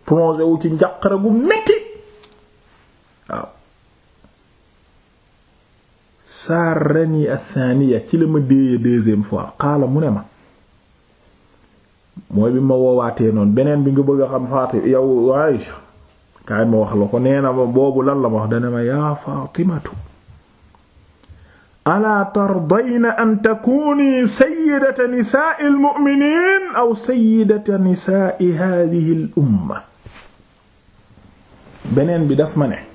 plongé wu ci njaqara gu metti waaw saar ren yi athaniya ci la ma déeye deuxième fois xaala mu ne ma mooy bi ma woowaatee noonu beneen bi nga bëgg a xam Fatima yow Aïcha kaay ma wax la ko nee na ma boobu lan la ma wax dana ma yaa Fatimatu alaa tardayna an takuni sayyidata nisa'i al aw sayyidata nisa'i hadhihi al beneen bi daf ma ne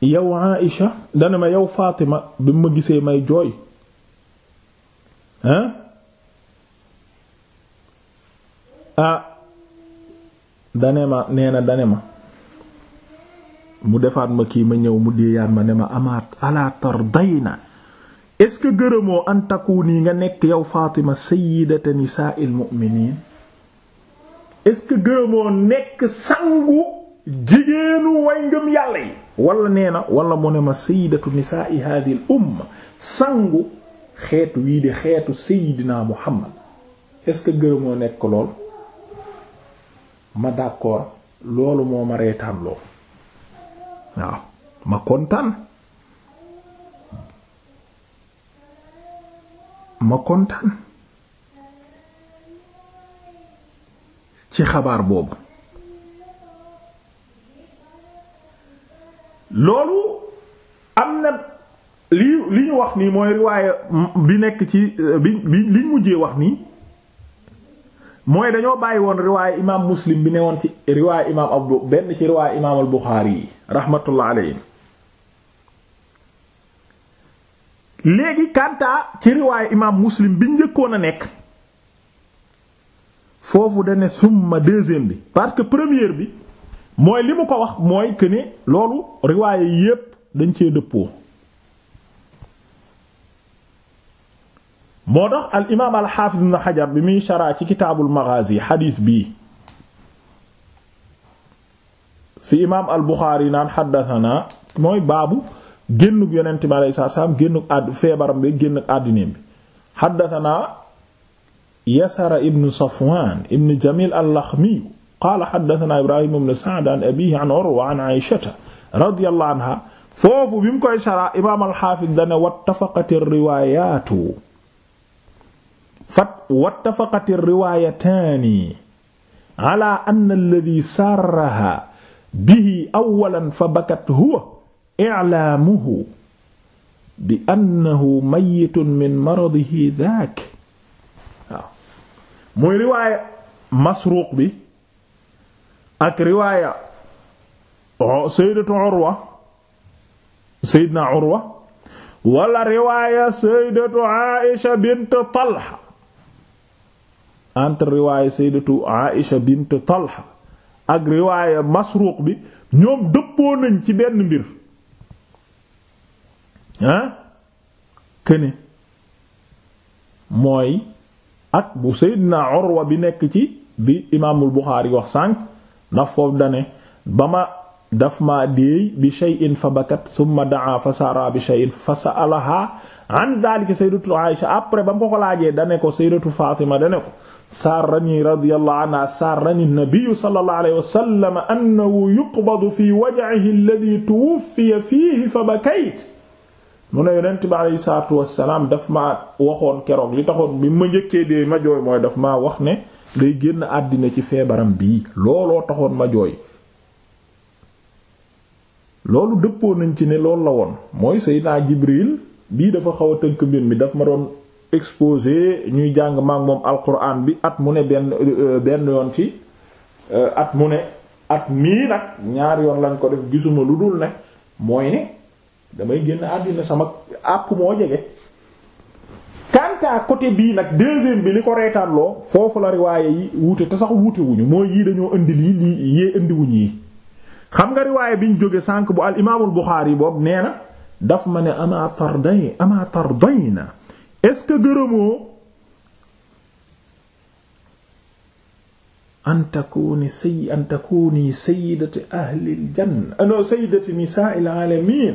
yow Aïcha dana ma yow Fatima bi ma gisee may jooy hein ah dane ma nee dane ma mu defaat ma kii ma ñëw mu déeyaat ma ne ma amaat ala tardayna est-ce que gërëmoo an takuni nga nekk yow Fatima sayyidata nisa'il mu'minin est-ce que gërëmoo nekk sangu jigéenu way ngëm yàlla yi wala nee na wala mu ne ma sayyidatu nisaai hadhihi al umma sangu xeetu wii di xeetu sayyidina muhammad est-ce que gërëmoo nekk lool ma d'accord loolu moo ma reetaan lool waaw ma kontaan ma kontaan ci xabaar boobu loolu am na li li ñu wax nii mooy riwaaye bi nekk ci euh, bi bi liñ mujjee wax nii mooy dañoo bàyyi woon riwaaye imaam muslim bi ne woon ci riwaaye imaam abu benn ci riwaaye imaam al yi rahmatullah alayhi léegi kantaa ci riwaaye imaam muslim bi njëkkoon a nekk foofu dane summa deuxième bi parce que première bi mooy limu ko wax mooy que ne loolu riwaaye yépp dañ cee dëppoo moo tax al imaam al xaafiz ibn xajar bi muy sharaa ci kitaabul maghazi xadiis bi fi imaam al buxaari naan xaddasanaa mooy baabu génnug yonent bi alayhi feebaram bi génnug àddineem bi xaddasanaa yasara ibn safwaan ibn jamil al laxmiyu qaala xaddatanaa ibrahima ibn sa'd an abihi an urwa an aishata radiyallahu anha foofu bi mu koy shara imaam alxaafis dane wattafaqat riwaayaatu fat wattafaqat riwaayataani ala anna alladhi sarraha bihi awwalan fa bakat huwa i'laamuhu bi annahu mayyitun min maradihi dhaak waaw mooy riwaaya masruuq bi ak riwaaya oh, sayyidatu Urwa sayyidna Urwa wala riwaaya sayyidatu Aisha bint Talha entre riwaaya sayyidatu Aisha bint Talha ak riwaaya Masruq bi ñoom dëppoo nañ ci benn mbir ah këne mooy ak bu sayyidna Urwa bi nekk ci bi imaamul Buxaari wax sànq ndax foofu dane ba daf ma déey bi shay'in fa bakat thumma daa fa sara bi shay'in fa sa'alaha an dhalika sayyidatu Aisha après ba mu ko ko laajee dane ko sayyidatu Fatima dane ko sarrani radiyallahu anha sarrani an-nabi wa fi waj'ihi alladhi tuwuffiya fihi fa bakayt mu ne yonent bi alayhi salaatu wassalaam daf ma waxoon keroog li taxoon bi ma njëkkee dee ma jooy mooy daf ma wax ne day génn àddina ci feebaram bii looloo taxoon ma jooy loolu dëppoo nañ ci ne loolu la woon mooy Seydina Jibril bii dafa xaw a tënk mbir mi daf ma doon expose ñuy jàng maak moom alquran bi at mu ne benn euh, benn yoon ci euh, at mu ne at mii nag ñaar yoon lañ ko def gisuma lu dul ne mooy ne damay génn àddina sama àpp moo jege kanta côté bii nag deuxième bi li ko reetaanloo foofu la riwaaye yi wuute te sax wuute mooy yii dañoo indi lii lii yee indi yi xam nga riwaaye biñ jóge sànq bu al imaamul Buxaari boobu nee na daf ma ne ama tarday ama tardayna est-ce que gërëmoo an takuni say an takuni sayyidati ahlil janna no sayyidati nisaa'il alamin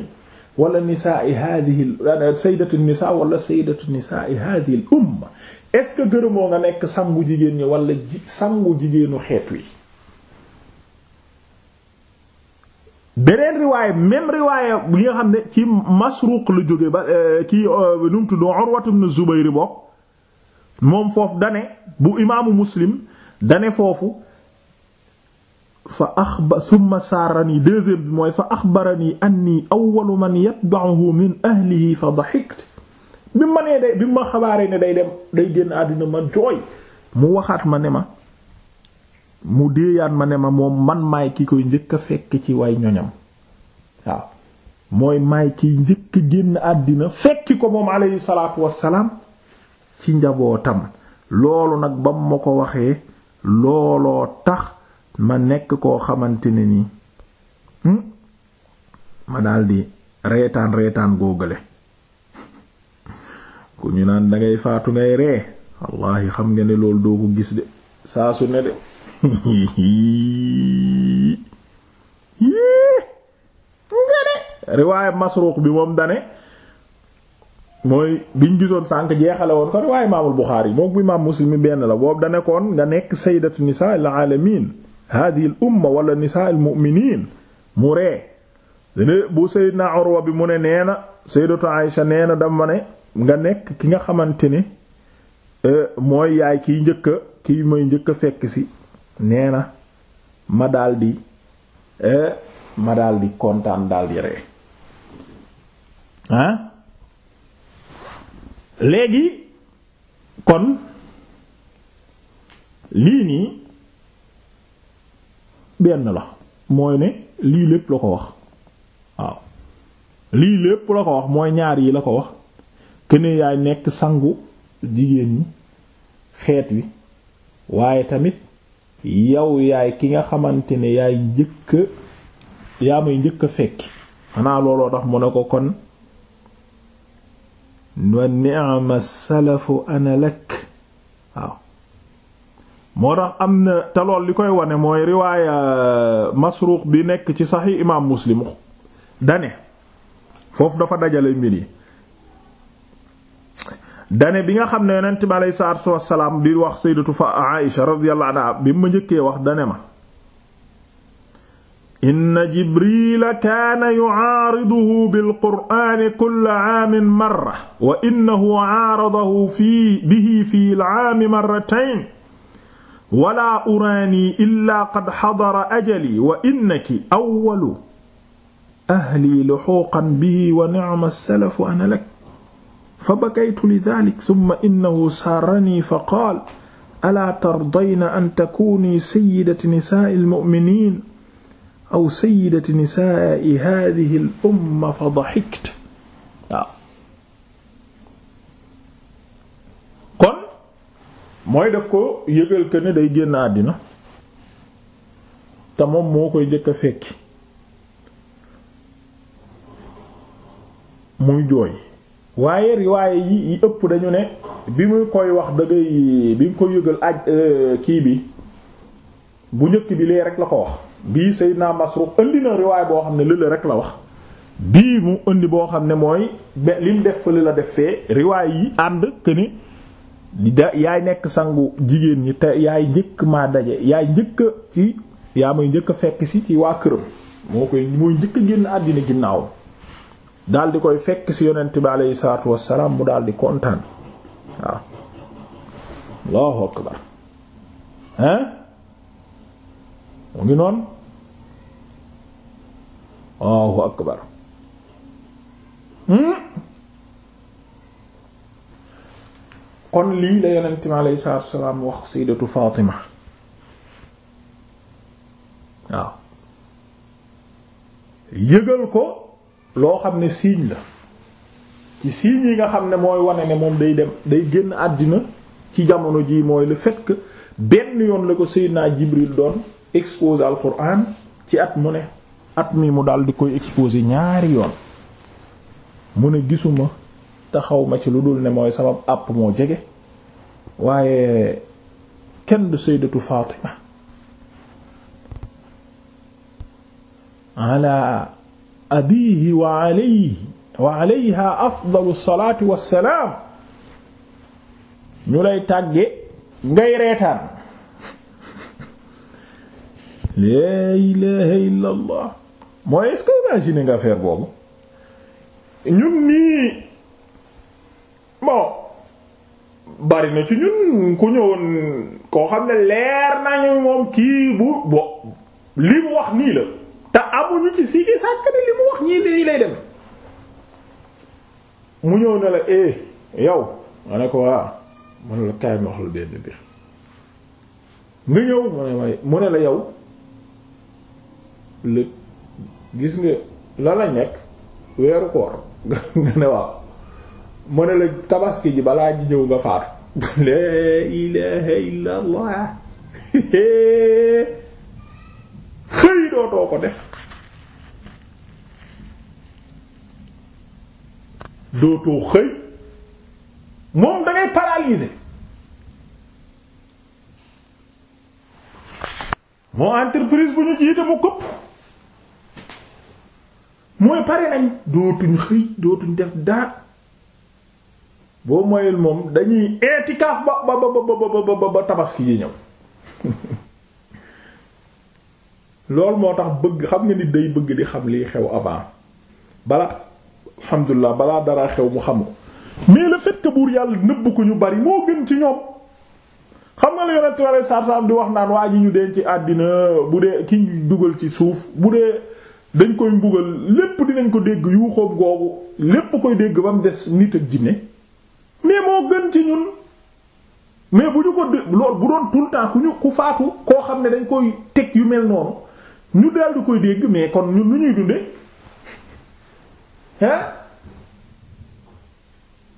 wala nisaai hadihi sayyidatu nisaa wala sayyidatu nisaai hadihi al umma est-ce que gërëmoo nga nekk sangu jigéen ñi wala sangu jigéenu xeet wi beneen riwaaya même riwaaya bi nga xam ne ci Masruq la jóge ba ki euh, euh, nu mu tudd Urwatu ibn bokk moom foofu dane bu imaamu Muslim dane foofu fa axba summa saarani deuxième bi mooy fa axbarani anni awwalu man yatba'uhu min ahlihi fa daxikt bi ma nee day bi ma xabaaree ne day dem day génn àddina ma jooy mu waxaat ma ne ma mu déeyaat ma ne ma moom man may ki koy njëkk a fekk ci way ñoñam waaw mooy maay kiy njëkk génn àddina fekki ko moom aleyhi salaatu wassalaam ci njabootam loolu nag ba mu ma ko waxee looloo tax ma nekk koo xamante ne nii hmm? ma daldi reetaan reetaan góogale ku ñu naan dangay faatu ngay ree wallaahi xam nga ne loolu doo ko gis de saa su ne de riwaaye Masruq bi moom dane mooy biñ gisoon sànk jeexale woon ko riwaaye imaamul Buxaari mook bu imaam Muslim benn la boobu dane koon nga nekk sayyidatu nisaa al-aalamiin hadihi al umma wala nisaa al mu'miniin mu ree bu Seydina Urwa bi mu ne nee na Sayyidatu Aïsha nee na dama ne nga nekk ki nga xamante ne euh, mooy yaay kiy njëkk a kii mooy njëkk a fekk si nee na ma di euh, ma daldi kontaan daldi ree léegi kon lii nii benn la mooy ne lii lépp la ko wax waaw lii lépp la ko wax mooy ñaar yi la ko wax këne yaay nekk sangu jigéen ñi xeet wi waaye tamit yow yaay ki nga xamante ne yaay njëkka yaa may njëkk a fekki xanaa looloo tax mu ne ko kon wa ni'ma salafu ana lak waaw moo tax am na te li koy wane mooy riwaaya euh, masruuq bi nekk ci saxi imaam muslim dane foofu dafa dajale mbir yi dane bi nga xam ne yonent bi aleyhi wassalaam di wax sayyidatu fa Aisha radiyallahu anha bi ma njëkkee wax dane ma inna jibrila kaana yucaariduhu bilqur'aani kulla caamin marra wa innahu caaradahu bihi fii al caami wala uraani illaa qad xadara ajali wa innaki awwalu ahli luxuuqan bihi wa nicma salafu ana lak fa bakaytu lidalik summa innahu saaranii fa qaal alaa tardayna an takuuni sayidati nisaai almuminin aw sayidati nisaai hadihi al umma fa daxikta waaw mooy def ko yëgal que day génn àddina te moom moo koy jëkk a fekki muy jooy waaye riwaaye yi ëpp dañu ne bi muy koy wax dangay bi nga ko yëgal aj euh, kii bi bu njëkk bi lee rek la ko wax bii Seydina Masruq indi na riwaay boo xam ne lële rek la wax bii mu indi boo xam ne mooy be lim def fële la def fee riwaay yi ànd que da yaay nekk sangu jigéen ñi te yaay njëkk maa daje yaay njëkk ci yaa may njëkk a fekk si ci waa këram moo koy mooy njëkk a génn àddina ginnaaw daal di koy fekk si yonent bi aleyhi salaatu wassalaam mu daal di kontaan waaw allahu akbar kon lii la yonent mi alayhi salaatu wassalaam wax sayyidatu Fatima yëgal ko loo xam ne signe la ci signes yi nga xam ne mooy wane ne moom day dem day génn àddina ci jamono ji mooy le fekk benn yoon la ko naa Jibril doon exposé al ci at mu ne at mi mu daal di koy exposé ñaari yoon mu ne gisuma te ma ci lu dul ne mooy sabab àpp moo jege waaye kenn du sayyidatu Fatima ala abihi wa alayhi wa alayha afdalu salaatu wassalaam ñu lay tàgge ngay reetaan laa ilaha illa mooy est-ce que nga affaire boobu ñun nii bon bari na ci ñun ku ñëwoon koo xam ne leer nañu moom kii bu bo li mu wax nii la te amuñu ci sii sàkk ne li mu wax ñii nii lay dem mu ñëw ne la eh yow ne ko waa ah, mu ne la kaay wax la benn biir nga ñëw mu ne may mu ne la yow lë gis nga la la nekk weeru koor nga ne waaw mu ne la tabaski ji balaa ji ñëw nga faatu laa ilaha illa xëy dootoo ko def dootoo xëy moom da ngay paralysé moo entreprise bu ñu jiite mu këpp mooy pare nañ dootuñ xëy dootuñ def dara boo moyul moom dañuy itikaaf ba ba ba ba ba tabaski yi ñëw loolu moo tax bëgg xam nga nit day bëgg di xam liy xew avant balaa alhamdulilah balaa dara xew mu xam ko mais le fait buur yàlla nëbb ko ñu bari moo gën ci ñoom xam nga la yonent ware saab-saab di wax naan waa ji ñu ci àddina bu dee ki dugal ci suuf bu dee dañ koy mbugal lépp dinañ ko dégg yuuxóob googu lépp koy dégg ba mu des nit ak jinne mais moo gën ci ñun mais bu ñu ko lool bu doon tout le ku ñu ku faatu koo xam ne dañ koy teg yu mel noonu ñu daal di koy dégg mais kon ñun nu ñuy dunde hein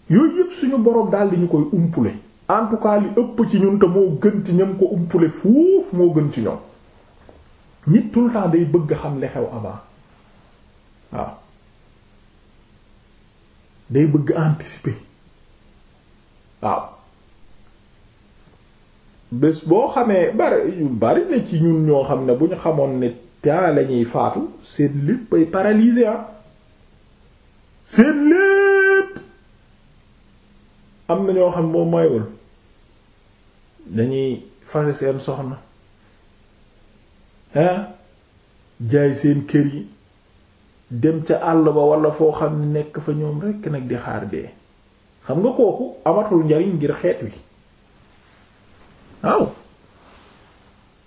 yooyu yëpp suñu boroom daal di ñu koy umpule en tout cas li ëpp ci ñun te moo gën ci ñam ko umpule fuuf moo gën ci ñoom nit tout day bëgg xam li xew avant waaw day bëgg anticiper waaw bés boo xamee bari ñu bari na ci ñun ñoo xam ne bu ñu xamoon ne taa lañuy faatu seen lépp ay paralysé ah. seen lépp am na ñoo xam boo maywul dañuy fase seen soxna ah jaay seen kër yi dem ca àll ba walla foo xam ne nekk fa ñoom rekk nag di xaar dee xam nga kooku amatul njariñ ngir xeet wi waaw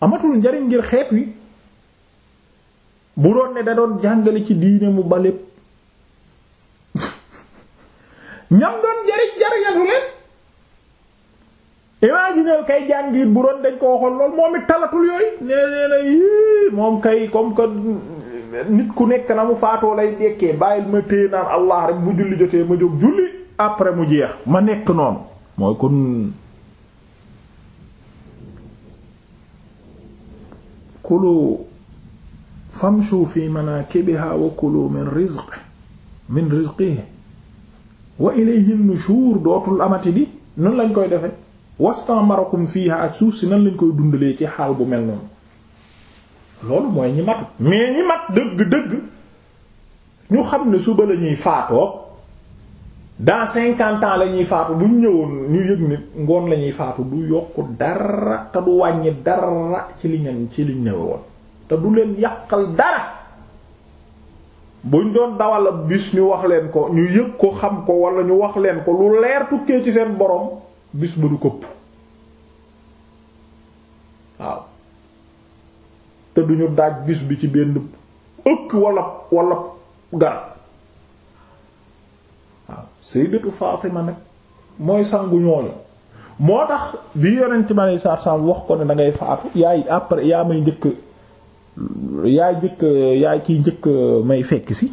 amatul njariñ ngir xeet wi bu doon ne da doon jàngale ci diine mu ba lépp ñam doon jariñ jariñatu leen imaginer kay jàngir bu doon dañ ko waxoon lool moom it talatul yooyu nee nee na yii moom kay comme que nit ku nekk na mu faatoo lay dekkee bàyyil ma téye naan allah rek bu julli jotee ma jóg julli après mu jeex ma nekk noonu mooy kon fam famshu fi manakibiha wa kulu min rizqi min rizqihi wa ilayhi nushur dootul amati di nan lañ koy defe wastamarakum fiha ak suuf si nan lañ koy dundalee ci xaal bu mel noonu loolu mooy ñi matut mais ñi mat dëgg dëgg ñu xam ne suba la ñuy faatoo dans cinquante la ñuy faatu bu ñu ñëwoon ñu yëg ni ngoon lañuy faatu du yokk dara te du wàññi dara ci li ngeen ci liñ ñëwoon te du leen yàqal dara buñ doon dawal ab bis ñu wax leen ko ñu yëg ko xam ko wala ñu wax leen ko lu leer tukkee ci seen borom bis ba du këpp waaw te duñu daaj bis bi ci benn ëkk wala wala garab sayyidatu Fatima nag mooy sangu ñooñu moo tax bi yonent ma lay saar sam wax ko ne dangay ngay faatu yaay après yaa may njëkk yaay njëkk kiy njëkk may fekk si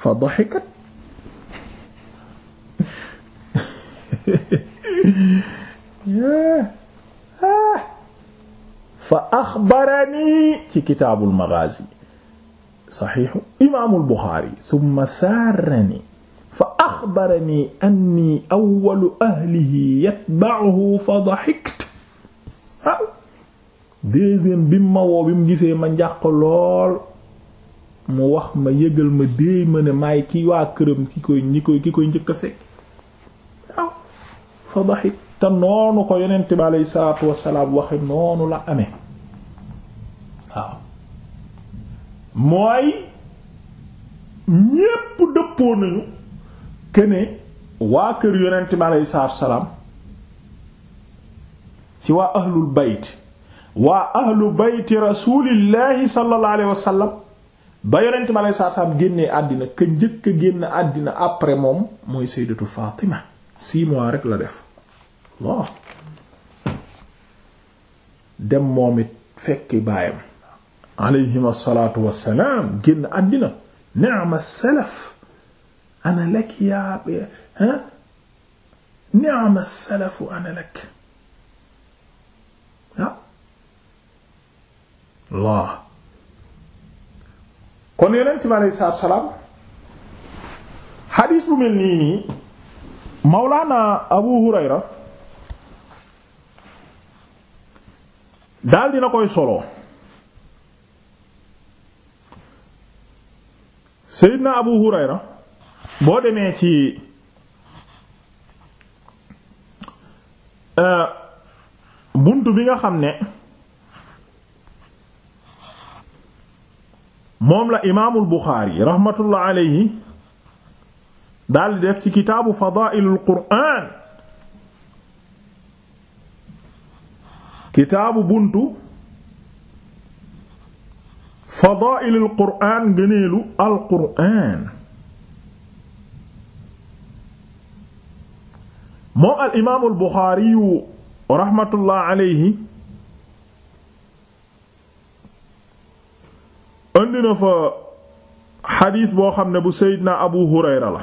fa daxikat fa axbarani ci kitaabul maghazi saxiixu imaamul Buxaari summa saarani fa axbarani anni awwalu ahlihi yatba'uhu fa daxiktu waaw bi mu ma woo bi mu gisee ma njàq lool mu wax ma yëgal ma déey ma ne maay ki waa këram ki koy ñi njëkk a fekk waaw fa daxiktu te noonu ko yonent bi aleyhi salaatu wassalaam waxe noonu la ame mooy ñépp dëppoo nañu këne waa kër yonent mi aleyhi salaatu salaam ci waa ahlul bayt waa ahlu bayti rasulillahi sallallahu alayhi wa sallam ba yonent mi aleyhi salaatu salaam génnee àddina ka njëkk génn àddina après moom mooy sayyidatu Fatima six mois rek la def waaw dem moom it fekki baayam alayhim assalaatu wassalaam génn àddina ni'ma salaf ana lak yaa ni'ma salaf ana Allah kon yonent bi alayhi salaatu bu mel nii nii Abu Hurayra daal dina koy solo Seydina Abu Hurayra boo demee ci euh, buntu bi nga xam ne moom la imaamul Buxaari raxmatullah alayhi daldi def ci kitaabu fadaa'ilul Qur'aan kitaabu buntu fadaa'ilul qur'aan ngëneelu al qur'aan moom al imaamul Buxaari yu rahmatullah aleyhi indi na fa xadiis boo xam ne bu Seydina Abu Hurayra la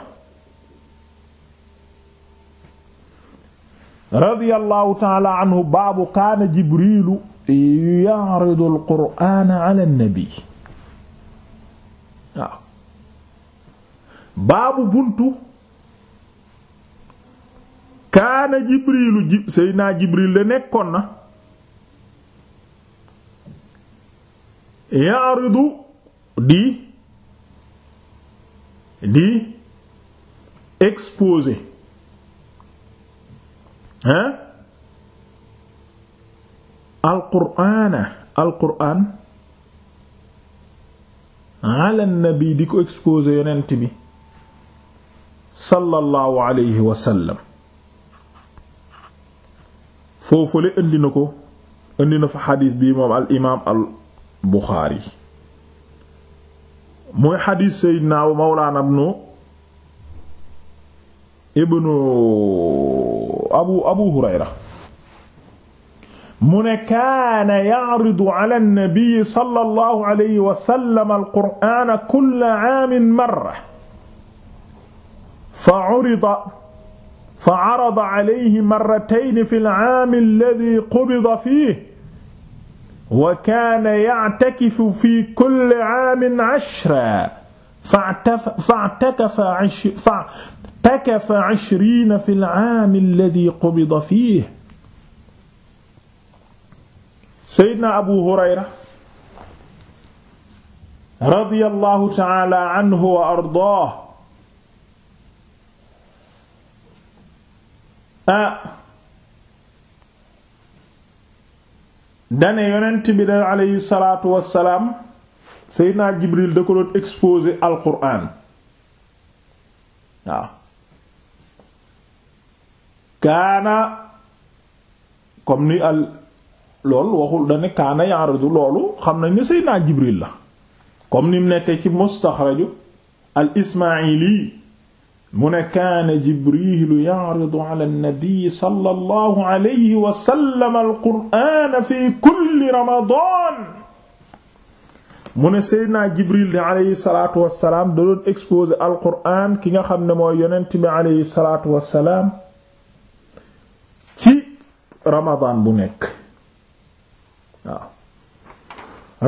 radiyallahu taala anhu baabu kaana Jibriilu ya'ridu al-Qur'aana ala an-nabi waaw baabu buntu kaana jibrilu ji seydinaa jibril de nekkoon na yaaridu di di exposé hein al quraana al quraan ala nabi di ko exposé yonent bi sallallahu alayhi wa sallam foofule indi na ko indi na fa xadiis bii moom al imaam al buxaari muy xadiis seydinaa wa mawlaana ibnu ibnu abu abu hurayra mu ne kaana ya'ridu ala an-nabi sallallahu alayhi wa sallam al-qur'ana kulla 'aamin marra fa'urida fa'arada alayhi marratayni fil 'aami alladhi qubida fiihi wa kaana ya'takifu fi kulli 'aamin 'ashran fa'takafa 'ishriina fil 'aami alladhi qubida fiihi seydna abu hurayra radiyallahu taala anhu wa ardaah a dane yonent bi da aleyhi salaatu wassalaam seydna jibril da ko doon exposé al quraan waaw kaana comme ni al loolu waxul dane kaana ya'rudu loolu xam nañ ne Seydina Jibril la comme ni mu nekkee ci mustaxraju al ismaili mu ne kaana Jibrilu ya'rudu ala an-nabi sallallahu alayhi wa sallam al-qur'ana fi kulli ramadan mu ne Seydina Jibril di aleyhi salaatu wa salaam da doon exposé Alqur'aan ki nga xam ne mooy yonent bi aleyhi salaatu wa salaam ci Ramadan bu nekk. waaw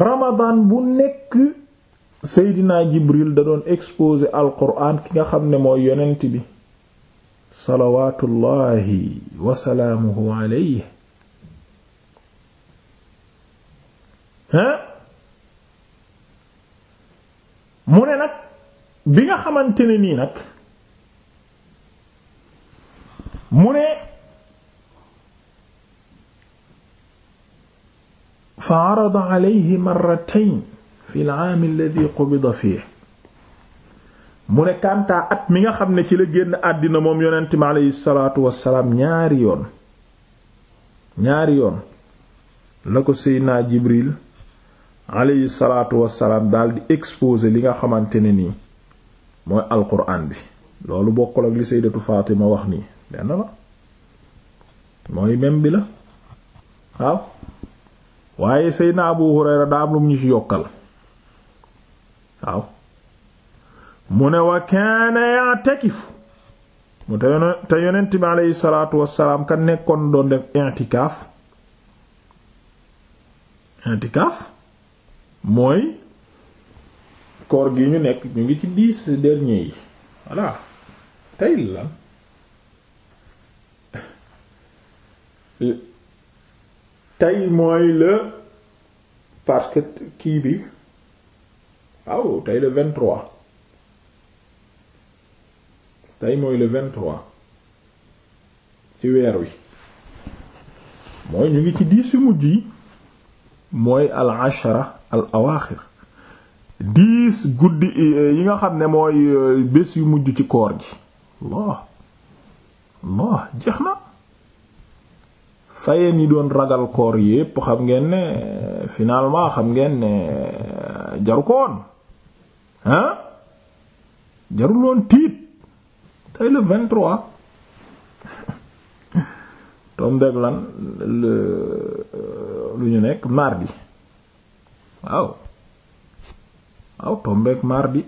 ramadan bu nekk seydinaa jibril da doon exposer alquran ki nga xam ne mooy yonent bi salawaatullahi wasalaamuhu alayhi hein mu ne nag bi nga xamante ne nii nag mu ne fa arada alayhi marratayn fi al-aam alladhi qubida fiihi mu ne kantaa at mi nga xam ne ci la génn àddina moom yonent mi aleyhi salaatu wassalaam ñaari yoon ñaari yoon la ko seydinaa Jibril aleyhi salaatu wassalaam daldi exposé li nga xamante ne nii mooy alquraan bi loolu bokkul ak li saydatu Faatima wax nii benn la mooy même bi la waaw waaye Seydina Abu Hurayra daa am lu mu ñu ci yokkal waaw mu ne wa kaana ya'takifu mu te yonent bi aleyhi wassalaam kan nekkoon doon def intikaaf intikaaf mooy koor gi ñu nekk ñu ngi ci dix derniers yi voilà tey la tey mooy la parce kii bi waaw tey le 23 tey mooy le 23 ci weer wi mooy ñu ngi ci diis yu mujj yi mooy al ashara al awaaxir diis guddi yi nga xam ne mooy bés yu mujj ci koor gi Allah Allah jeex na fayeen yi doon ragal koor yépp xam ngeen ne finalement xam ngeen ne jaru ko woon ah jarul tiit tey le 23 tom deg lan euh, lu ñu nekk mardi waaw waaw tombeeg mardi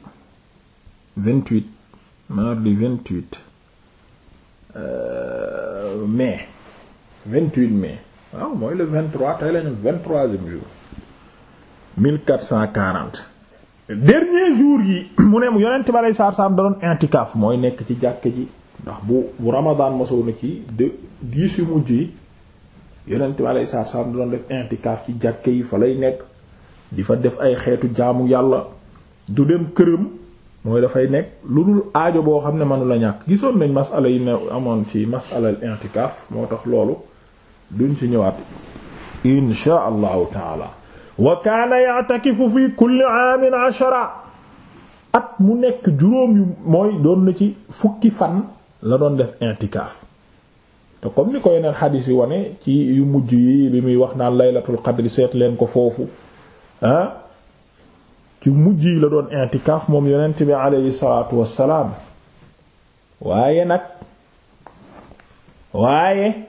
28 mardi 28 euh, mai 28 mai waaw mooy le 23 tey lañu 23e jour 1440 dernier jour yi mu ne yonent bi aleyhi salaatu salaam da doon intikaaf mooy nekk ci jàkke ji ndax bu bu Ramadan mosoo na ci de dix yu mujj yi yonent bi aleyhi salaatu salaam da doon def intikaaf ci jàkke yi fa lay nekk di fa def ay xeetu jaamu yàlla du dem këram mooy dafay nekk lu dul aajo boo xam ne mënu la ñàkk gisoon nañ masala yi ne amoon ci masala al intikaaf moo tax loolu duñ ci ñëwaat insha allahu taala wa kaana ya'takifu fi kulli aamin at mu nekk juróom yu mooy doon na ci fukki fan la doon def intikaaf te comme ni ko yeneen xadiis yi wane ci yu mujj yi bi muy wax naan laylatul qadri seet leen ko foofu ah ci mujj yi la doon intikaaf moom yonent bi aleyhi salaatu wassalaam waaye nag waaye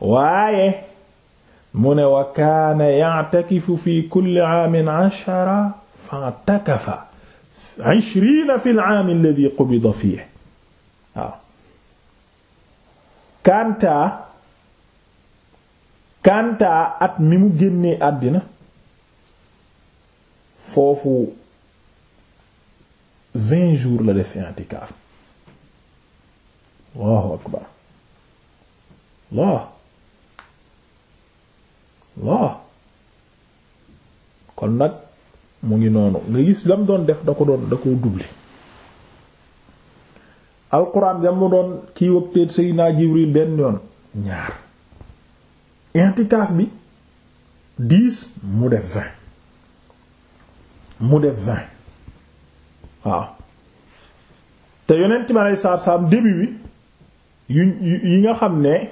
waaye mu ne wa kaana ya'takifu fi kulli aamin ashara fa'takafa ishriina fi al-aam alladhi qubida fiihi waaw kanta kanta at mi mu génnee àddina foofu vingt jours la def i'tikaaf Allahu akbar Allah waaw kon nag mu ngi noonu nga gis lam doon def da ko doon da ko doublé alquran jam mu doon ci wëgteet Seydina Jibril benn yoon ñaar intikaaf bi diis mu def vingt mu def vingt waaw te yonent bi alayhi salaatu salaam début bi yu yi nga xam ne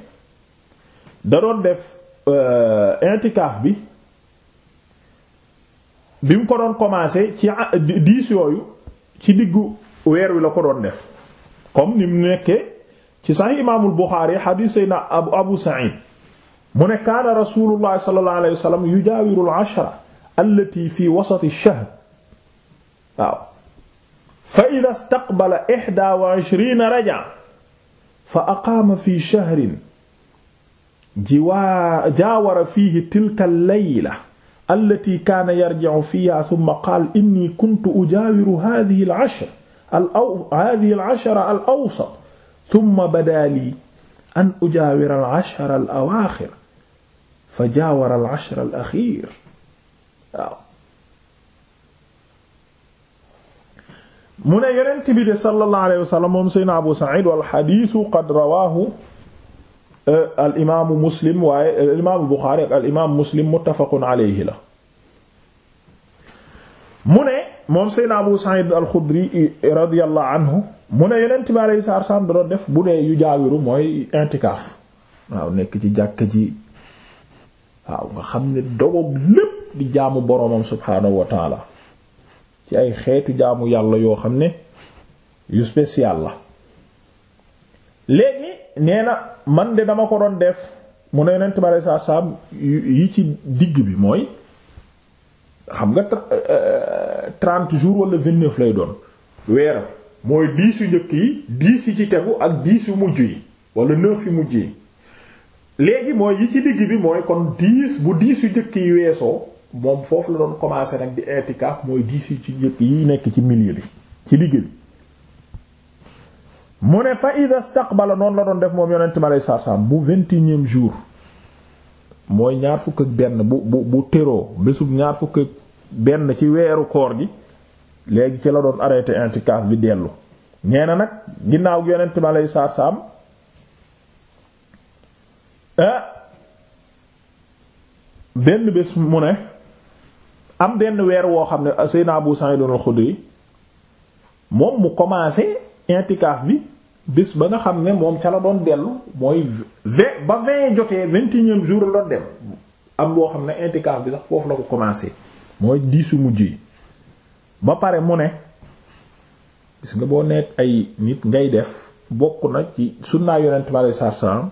da doon def Euh, intikaaf bi bi mu ko doon commencé ci diis yooyu ci diggu weer wi la ko doon def comme ni mu nekkee ci sax imaamul Buxaari xadiis sayna Abu Saïd mu ne kaana rasuulullahi sallallahu alayhi wa sallam yujaawiru al-ashra allati fi wasati ash-shahr waaw fa idaa istaqbala ihdaa wa ishriina raja'a fa aqaama fi shahrin jiwaa jaawara fiihi tilka al-layla allati kaana yarji'u fiiha thumma qaala inni kuntu ujaawiru haadhihi al-ashra al-aw haadhihi al-ashra al-awsat thumma badaa lii an ujaawira al-ashra al-awaakhir fa jaawara al-ashra al-akhiir waaw mu ne yonent bi de sallallahu alayhi wa sallam moom Seydina Abu Sa'iid wal hadiisu qad rawaahu Euh, al imaamu muslim waaye euh, al imaamu buxaari ak al imaamu muslim muttafaqun alayhi la mu ne moom Seydina Abu Sa'id al-Khudri radiyallahu anhu mu ne yeneen bi alayhi salaatu salaam def bu dee yu jaawiru mooy intikaaf waaw nekk ci jàkk ji waaw nga xam ne dogoog lépp di jaamu boromam subhaanahu wa ci ay xeetu jaamu yàlla yoo xam ne yu spécial la léegi nee na man de dama ko doon def mu ne yonent bi saa saam yi ci digg bi mooy xam nga euh, euh, trente jours wala vingt neuf lay doon weer mooy dix yu njëkk yi dix yi ci tegu ak dix yu mujj yi wala neuf yu mujj yi léegi mooy yi ci digg bi mooy kon dix bu dix yu njëkk yi weesoo moom foofu la doon commencer nag di i'tikaf mooy dix yu ci njëkk yi nekk ci milieu bi ci digg bi mu ne fa ida bala noonu la doon def moom yonent ma lay sarsam bu vingt et unième jour mooy ñaar fukk ak bu bu ñaar fukk benn ci weeru koor gi léegi ci la doon arrêté intikaaf bi dellu nee na nag ginnaaw gi yonent ma lay sarsam ah benn bés mu ne am benn weer woo xam ne Seydina Abu Sa'id al-Khudri moom mu commencé intikaaf bi bés ba nga xam ne moom ca la doon dellu mooy vingt ba vingt jotee vingt et jour la doon dem am boo xam ne intikaaf bi sax foofu la ko commencé mooy diisu mujj yi ba pare mu ne gis nga boo nekk ay nit ngay def bokk na ci sunnaa yonent bi alei satu salaam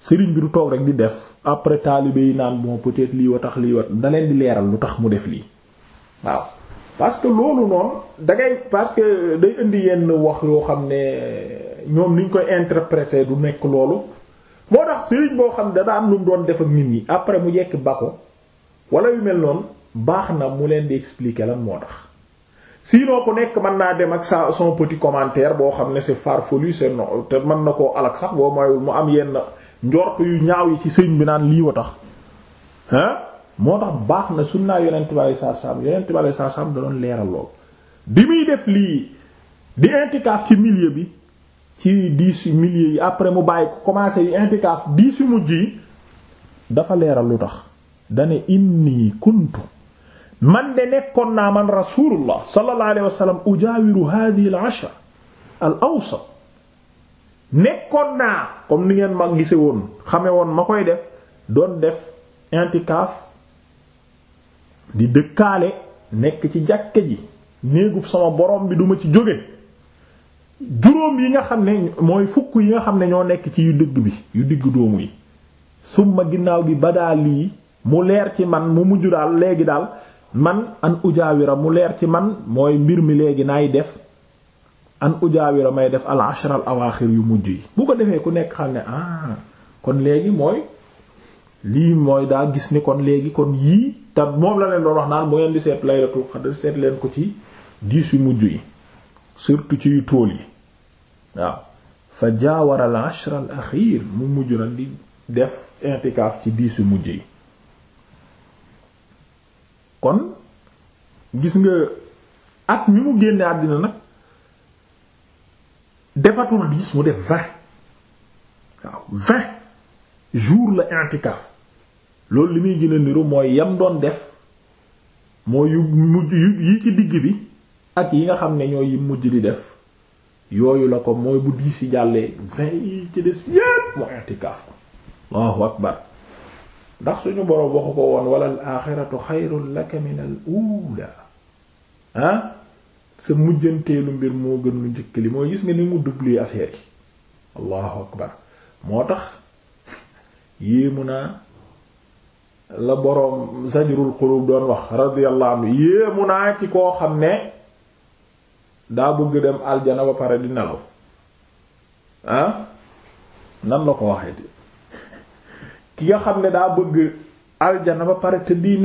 sëriñ bi du toog rek di def après taalibe yi naan bon peut-être lii wa tax lii wa da leen lu tax mu def lii waaw parce que loolu noonu dangay ngay parce que day indi yenn wax yoo xam ne ñoom niñ koy interpréter du nekk loolu moo tax sëriñ boo xam ne dana am lu doon def ak nit ñi après mu yekk bako wala yu mel noonu baax na mu leen di expliquer lan moo tax sinon ku nekk mën naa dem ak sa son petit commentaire boo xam ne c'est farfelu c'est non te mën na koo alak sax boo mooy mu am yenn njort yu ñaaw yi ci sëriñ bi naan lii wa tax hein moo tax baax na sunnaa yonent bi alayhi salaatu salaam yonent bi alayhi salaatu salaam da doon leeral lool bi muy def lii di intikaaf ci milieu bi ci dix milieu yi après mu bàyyi ko commencé yi intikaaf dix yu mujj yi dafa leeral lu tax dane inni kuntu man de nekkoon naa man rasulullah sallallahu alayhi wa sallam ujaawiru hadhihi al ashra al awsat nekkoon naa comme ni ngeen ma gise woon xame woon ma koy def doon def intikaaf di dëkkaale nekk ci jàkke ji néegub sama borom bi duma ci jóge juróom yi nga xam ne mooy fukk yi nga xam ne ñoo nekk ci yu dëgg bi yu digg doomu yi summa ginnaaw gi badaa lii mu leer ci man mu mujj daal léegi daal man an ujaawira mu leer ci man mooy mbir mi léegi naay def an ujaawira may def al ashra al awaaxir yu mujj yi bu ko defee ku nekk xam ne ah kon léegi mooy lii mooy daa gis ni kon léegi kon yii te moom la leen doon wax naan bu ngeen di seet laylatul qadr seet leen ko ci diis yu mujj yi surtout ci yu tool yi mu mujj nag di def intikaaf ci diis yu kon gis nga at mi mu génne àddina nag defatul diis mu def vingt waaw vingt jours la intikaaf loolu li muy gën niru mooy yam doon def mooy yu mujj yi ci digg bi ak yi nga xam ne ñoo yi mujj di def yooyu la ko mooy bu dii si jàllee vingt yi ci des yépp mu i'tikaaf ko Allahu akbar ndax suñu boroom waxu ko woon wala al axiratu xayrun laka min al ah? sa mujjanteelu mbir moo gën lu njëkk li mooy gis nga ni mu double affaire yi Allahu akbar moo tax yéemu naa la boroom zajrul qulub doon wax radiyallahu anhu yéemu naa ci koo xam ne daa bëgg dem aljana ba pare di nelaw ah? nan la ko waxeeti xam ne daa bëgg ba pare te di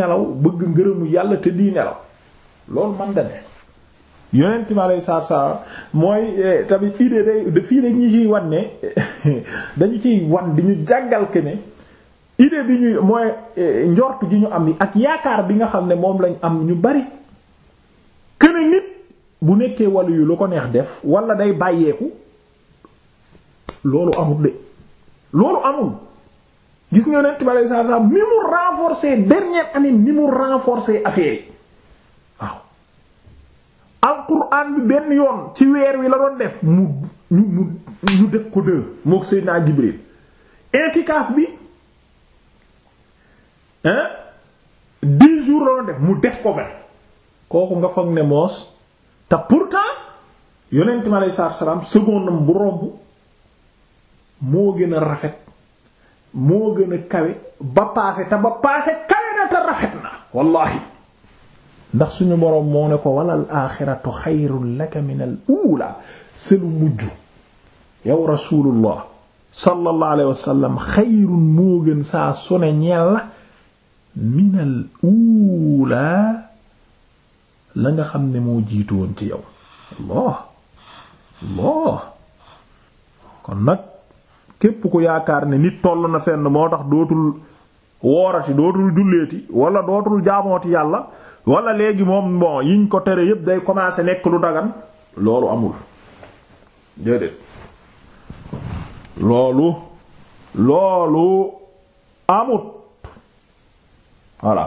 bëgg ngërëmu yàlla te di nelaw loolu man da ne yonent mi aleyhi salaatu mooy eh, tamit idée day fii dañu ciy wan ne dañu ciy wan di ñu jàggal ke ne idée bi ñuy mooy eh, njort ji ñu am ni ak yaakaar bi nga xam ne moom lañ am ñu bari këne nit bu nekkee walu yu lu ko neex def wala day bàyyeeku loolu amul de loolu amul gis nga nekk bale saa saa ni mu renforcer dernière année ni mu renforcer affaire yi waaw alquran bi benn yoon ci weer wi la doon def mu ñu mu def ko deux mook Seydina Jibril intikaaf bi hein dix jours la doon def mu def ko vingt kooku nga foog ne moos te pourtant yonent mi aleyhi salaatu salaam seconde bu romb moo gën a rafet moo gën a kawe ba paase te ba paase kawe na te rafet na wallahi ndax suñu boroom moo ne ko wala al axiratu xayrun laka min al uula selu mujj yow rasulullah sallallahu alayhi wa sallam xayrun moo gën saa su ne ñeel na minal uulaa la nga xam ne moo jiitu woon ci yow Allah Allah kon nag képp ku yaakaar ne nit toll na fenn moo tax dootul woorati dootul julleeti wala dootul jaamooti yàlla wala léegi moom bon yiñ ko tere yépp day commencer nekk lu dagan loolu amul déedéet loolu loolu amut voilà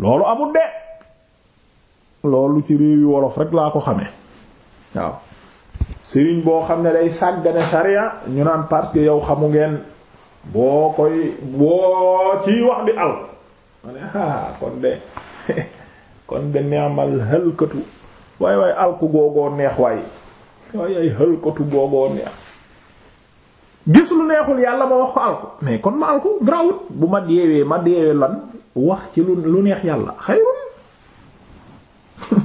loolu amul de loolu ci réew yi wolof rek laa ko xamee waaw sëriñ boo xam ne day sàggane charia ñu naan parce yow xamu ngeen boo koy boo ciy wax di al ma ne ah kon de kon de neamal xëlkatu waay waay alku googoo neex waay waay ay xëlkatu googoo neex gis lu neexul yàlla ma wax ko alku mais kon ma alku grawut bu ma deewee ma deewee lan wax ci lu lu neex yàlla xayrun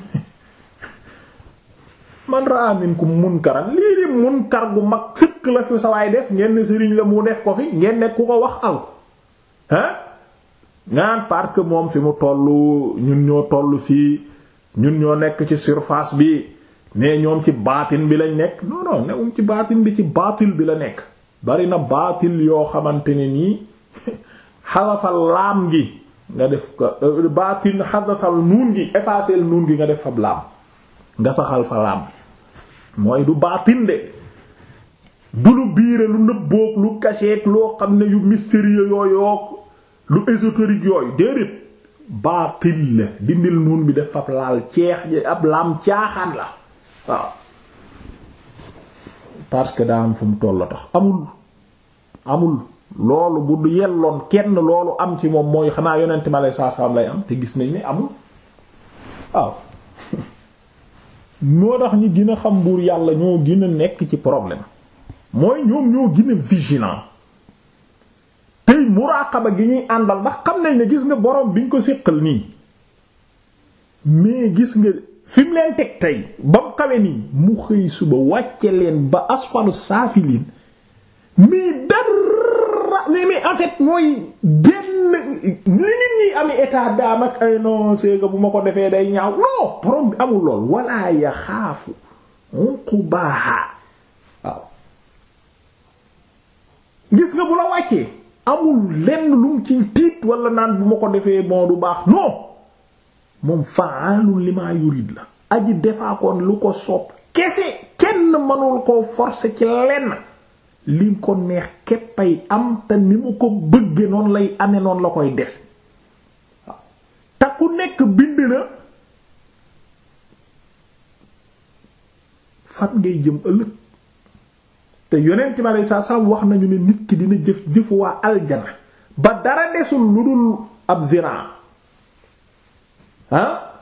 man raa minkum munkaran lii di munkar gu mag sëkk la fi sa def ngeen sëriñ la mu def ko fi ngeen ne ku ko wax alku hein ngaan parce moom fi mu tollu ñun ñoo tollu fii ñun ñoo nekk ci surface bi mais ñoom ci baatin bi lañ nekk non non newum ci baatin bi ci baatil bi la nekk bari na baatil yoo xamante ni nii xadafal laam gi nga def ko euh, baatil xadafal nuun gi effacer nuun gi nga def fab laam nga saxal fa laam mooy du baatin de du lu biire lu nëbboog lu caché loo xam ne yu mystérieux yooyoog lu ésotérique yooyu déedéet baatil la dindil nuun bi def fab laal ceex ab laam caaxaan la waaw parce que daa am fu mu toll tax amul amul loolu bu du yelloon kenn loolu am ci moom mooy xanaa yonent ma lay saa lay am te gis nañ ne amul waaw moo tax ñi gën xam buur yàlla ñoo gën nekk ci problème mooy ñoom ñoo gën a vigilant tey muraqaba gi ñuy àndal ndax xam nañ ne gis nga boroom bi ñu ko séqal nii mais gis nga fi mu leen teg tey ba mu kawe nii mu xëy suba wàcce leen ba asfalu saafiliin mii dara mais mais en mooy benn li nit ñi amee état daam ak ay non bu ma ko defee day ñaaw non borom bi amul lool walla ya xaafu uqbaha waaw gis nga bu la wàccee amul lenn lu mu ciy tiit wala naan bu ma ko defee moo du baax non. moom fa'aalun limaa yurid la aji defaakoon lu ko soob kese kenn mënul koo forcer ci lenn li ko neex keppay am te ni mu ko bëgge noonu lay amee noonu la koy def te ku nekk bind na fan ngay jëm ëllëg te yonent bi saa saa wax nañu ne nit ki dina jëf jëf waa aljana ba dara desul lu dul ab ziraa ah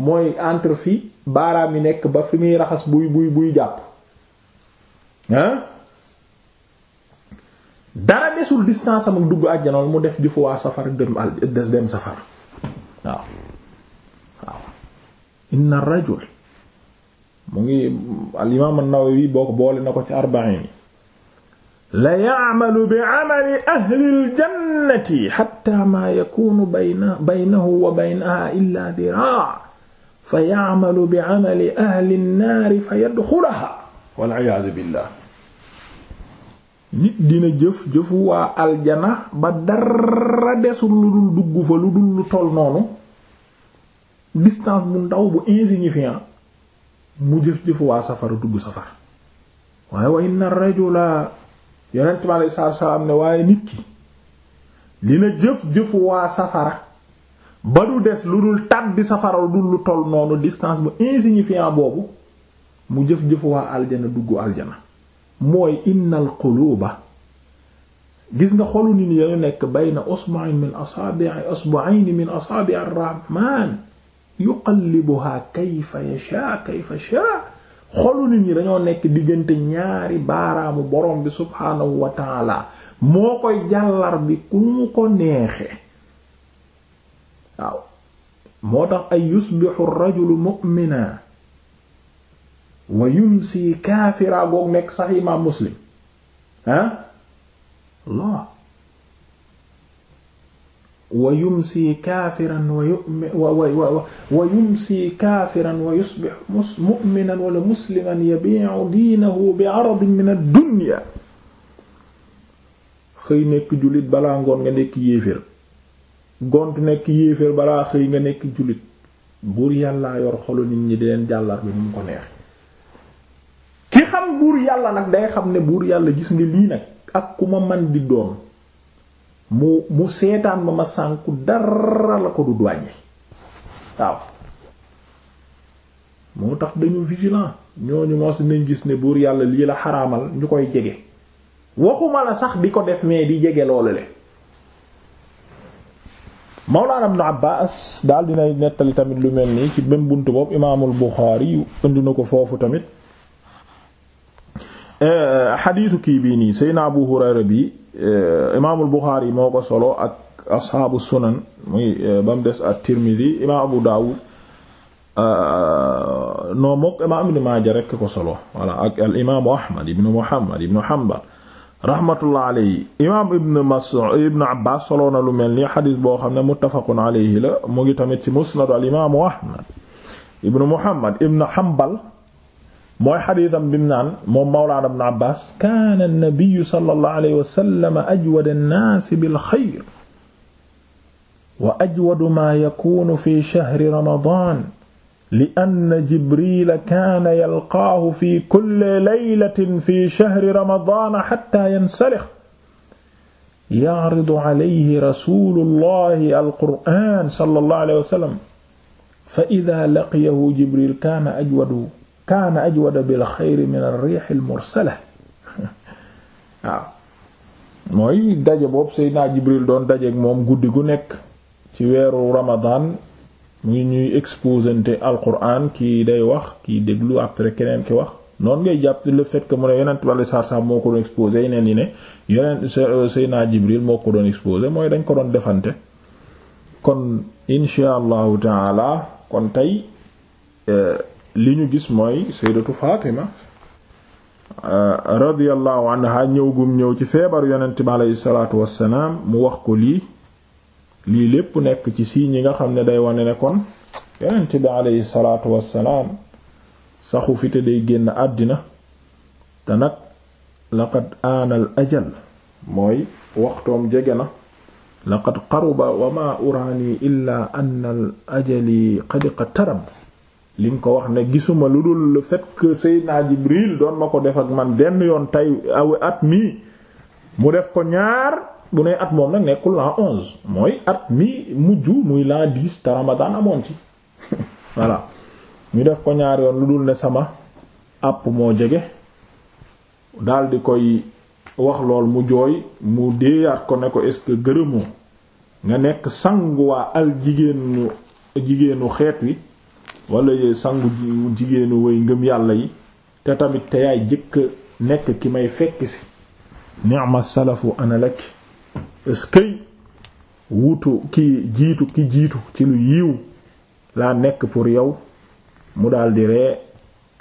mooy entre fi baaraam yi nekk ba fi muy raxas buy buy buy jàpp ah dara desul distance am ak dugg àjjanool mu def jëfu safar dem al des dem safar waaw waaw inna rajul mu ngi al imaam an-Nawawi boo ko boole na ko ci arba'in yi la ya'malu bi 'amali ahli al-jannati hatta ma yakunu bayna baynahu wa baynaha illa diraa' fa ya'malu bi 'amali ahli an-naari fa yadxulaha wal 'iyaadu billah nit dina jëf jëfu waa aljana ba dara desul lu dul dugg fa lu dul lu toll noonu distance bu ndaw bu insignifiant mu jëf jëfu waa safara dugg safara waaye wa inna ar-rajula yonent mi salaam ne waaye nit ki dina jëf jëfu waa safara ba du des lu dul tàbbi safara lu dul lu toll noonu distance bu insignifiant boobu mu jëf jëfu aljana duggu aljana mooy innal quluba gis nga xolu nit ñu nekk bayna usbu'in min asaabi'i usbu'ayni min asaabi'i ar-rahmaan yuqallibuhaa kayfa yashaa kayfa shaa xolu nit ñi dañoo nekk diggante ñaari baaraamu borom bi subhaanahu wa taala moo koy jàllar ku mu ko neexe waaw moo tax ay yusbixu rajulu mu'mina wa yumsi kaafira goog nekk sax imaam muslim ah Allah wa yumsi kaafiran wa yumsi kaafiran wa yusbih mu'minan wala musliman yabi'u diinahu bi aradin min ad xëy nekk jullit balaa ngoon nga nekk yéeféer gont nekk yéeféer balaa xëy nga nekk jullit buur yàlla yor xolu nit ñi di leen jàllar bi mu ko neex ki xam buur yàlla nag day xam ne buur yàlla gis ngi lii nag ak ku ma man di doon mu mu seetaan ma ma sànk dara la ko du duwàññi waaw moo tax dañu vigilant ñooñu mos nañ gis ne buur yàlla lii la xaramal ñu koy jege waxuma la sax bi ko def mais di jege loolu le Mawlaana Ibn Abbaas daal dinay nettali tamit lu mel nii ci même buntu boobu imaamul Buxaari indi na ko foofu tamit xadiisu eh, kii bii nii Seydina Abu Hurayra bi Eh, imaamul Buxaari moo ko solo ak asxaabu sunan eh, Abu Daawud eh, noo mook imaam Ibn Maaja rekk ko Ahmad ibn Muhammad ibn Hanbal rahmatullah alayhi imaam Ibn Ibn Abbas solo na lu mel nii xadis boo mu ngi tamit Ahmad ibn Muhammad ibn Hanbal mooy xadiisam bi mu naan moom mawlaana ibn Abbaas kaana an-nabiyyu sallallahu alayhi wa sallam ajwada an-naasi bil xayr wa ajwadu maa yakuunu fi shahri ramadaan li anna Jibriila kaana yalqaahu fi kulli laylatin fi shahri ramadaan xattaa yansalix ya'ridu alayhi rasuulullaahi al-qur'aan sallallahu alayhi wa sallam fa idaa laqiyahu Jibriil kaana ajwadu kaana ajwada bil xayri min ar al-mursala waaw mooy daje boobu Seydina Jibril doon dajeek moom guddi gu nekk ci weeru mu ngi ñuy exposante Alquran kii day wax kii déglu après keneen ki wax noon ngay jàpp le fait que mu ne yonent bale saar-saar moo ko doon exposé yeneen yi ne yonent naa Jibril moo ko doon exposé mooy dañ ko doon defante kon insha allahu taala kon tey euh, li ñu gis mooy sayyidatu Fatima radiyallahu anha ñëw gum ñëw ci feebar yonent bi aleyhi salaatu wassalaam mu wax ko lii lii lépp nekk ci sii yi nga xam ne day wane nekkoon kon yonent bi aleyhi salaatu wassalaam saxu fi te day génn àddina te nag laqad aanal ajal mooy waxtoom jege na laqad qaruba wa ma uraani illaa anna al ajali qad iqtarab li nga ko wax ne gisuma lu dul le fait que Seydina Jibril doon ma ko def ak man benn yoon tey aw at mii mu def ko ñaar bu ne at moom nag nekkul l'an onze mooy at mi mujj muy l'an dix te Ramadan amoon ci voilà ñu def ko ñaar yoon lu dul ne sama àpp moo jege daal di koy wax lool mu jooy mu déeyaat ko ne ko est gërëmoo nga nekk sanguwaa al jigéenu jigéenu xeet wi wala yee sangu jigéenu woy ngëm yàlla yi te tamit te yaay jëkk nekk ki may fekk si ni'ma salafu ana lak eskay wutu ki jiitu ki jiitu ci lu yiw laa nekk pour yow mu dal di ree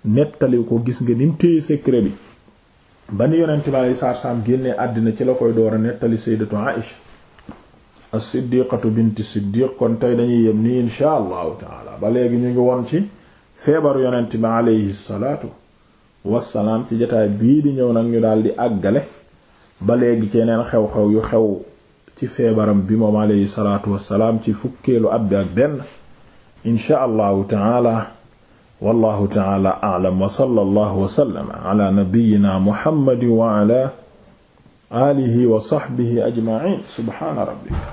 nettali ko gis nga ni mu téye secret bi ba ni yonent bi aleyhi salaatu salaam génnee àddina ci la koy door a nettali sayyidatu Aïsha as-siddiqatu bint siddiq kon tey dañuy yem ni insha allahu taala ba léegi ñu ngi won ci feebar yonent bi aleyhi salaatu wassalaam ci jotaay bii di ñëw nag ñu daal di àggale ba léegi ci yeneen xew-xew yu xew ci feebaram bi moom aleyhi salaatu salaam ci fukkeelu ab bi ak benn insha allahu taala wallahu taala a'lam wa sallallahu wa sallama ala nabiyyina muhammadin wa alihi wa sahbihi ajma'in subhana rabbika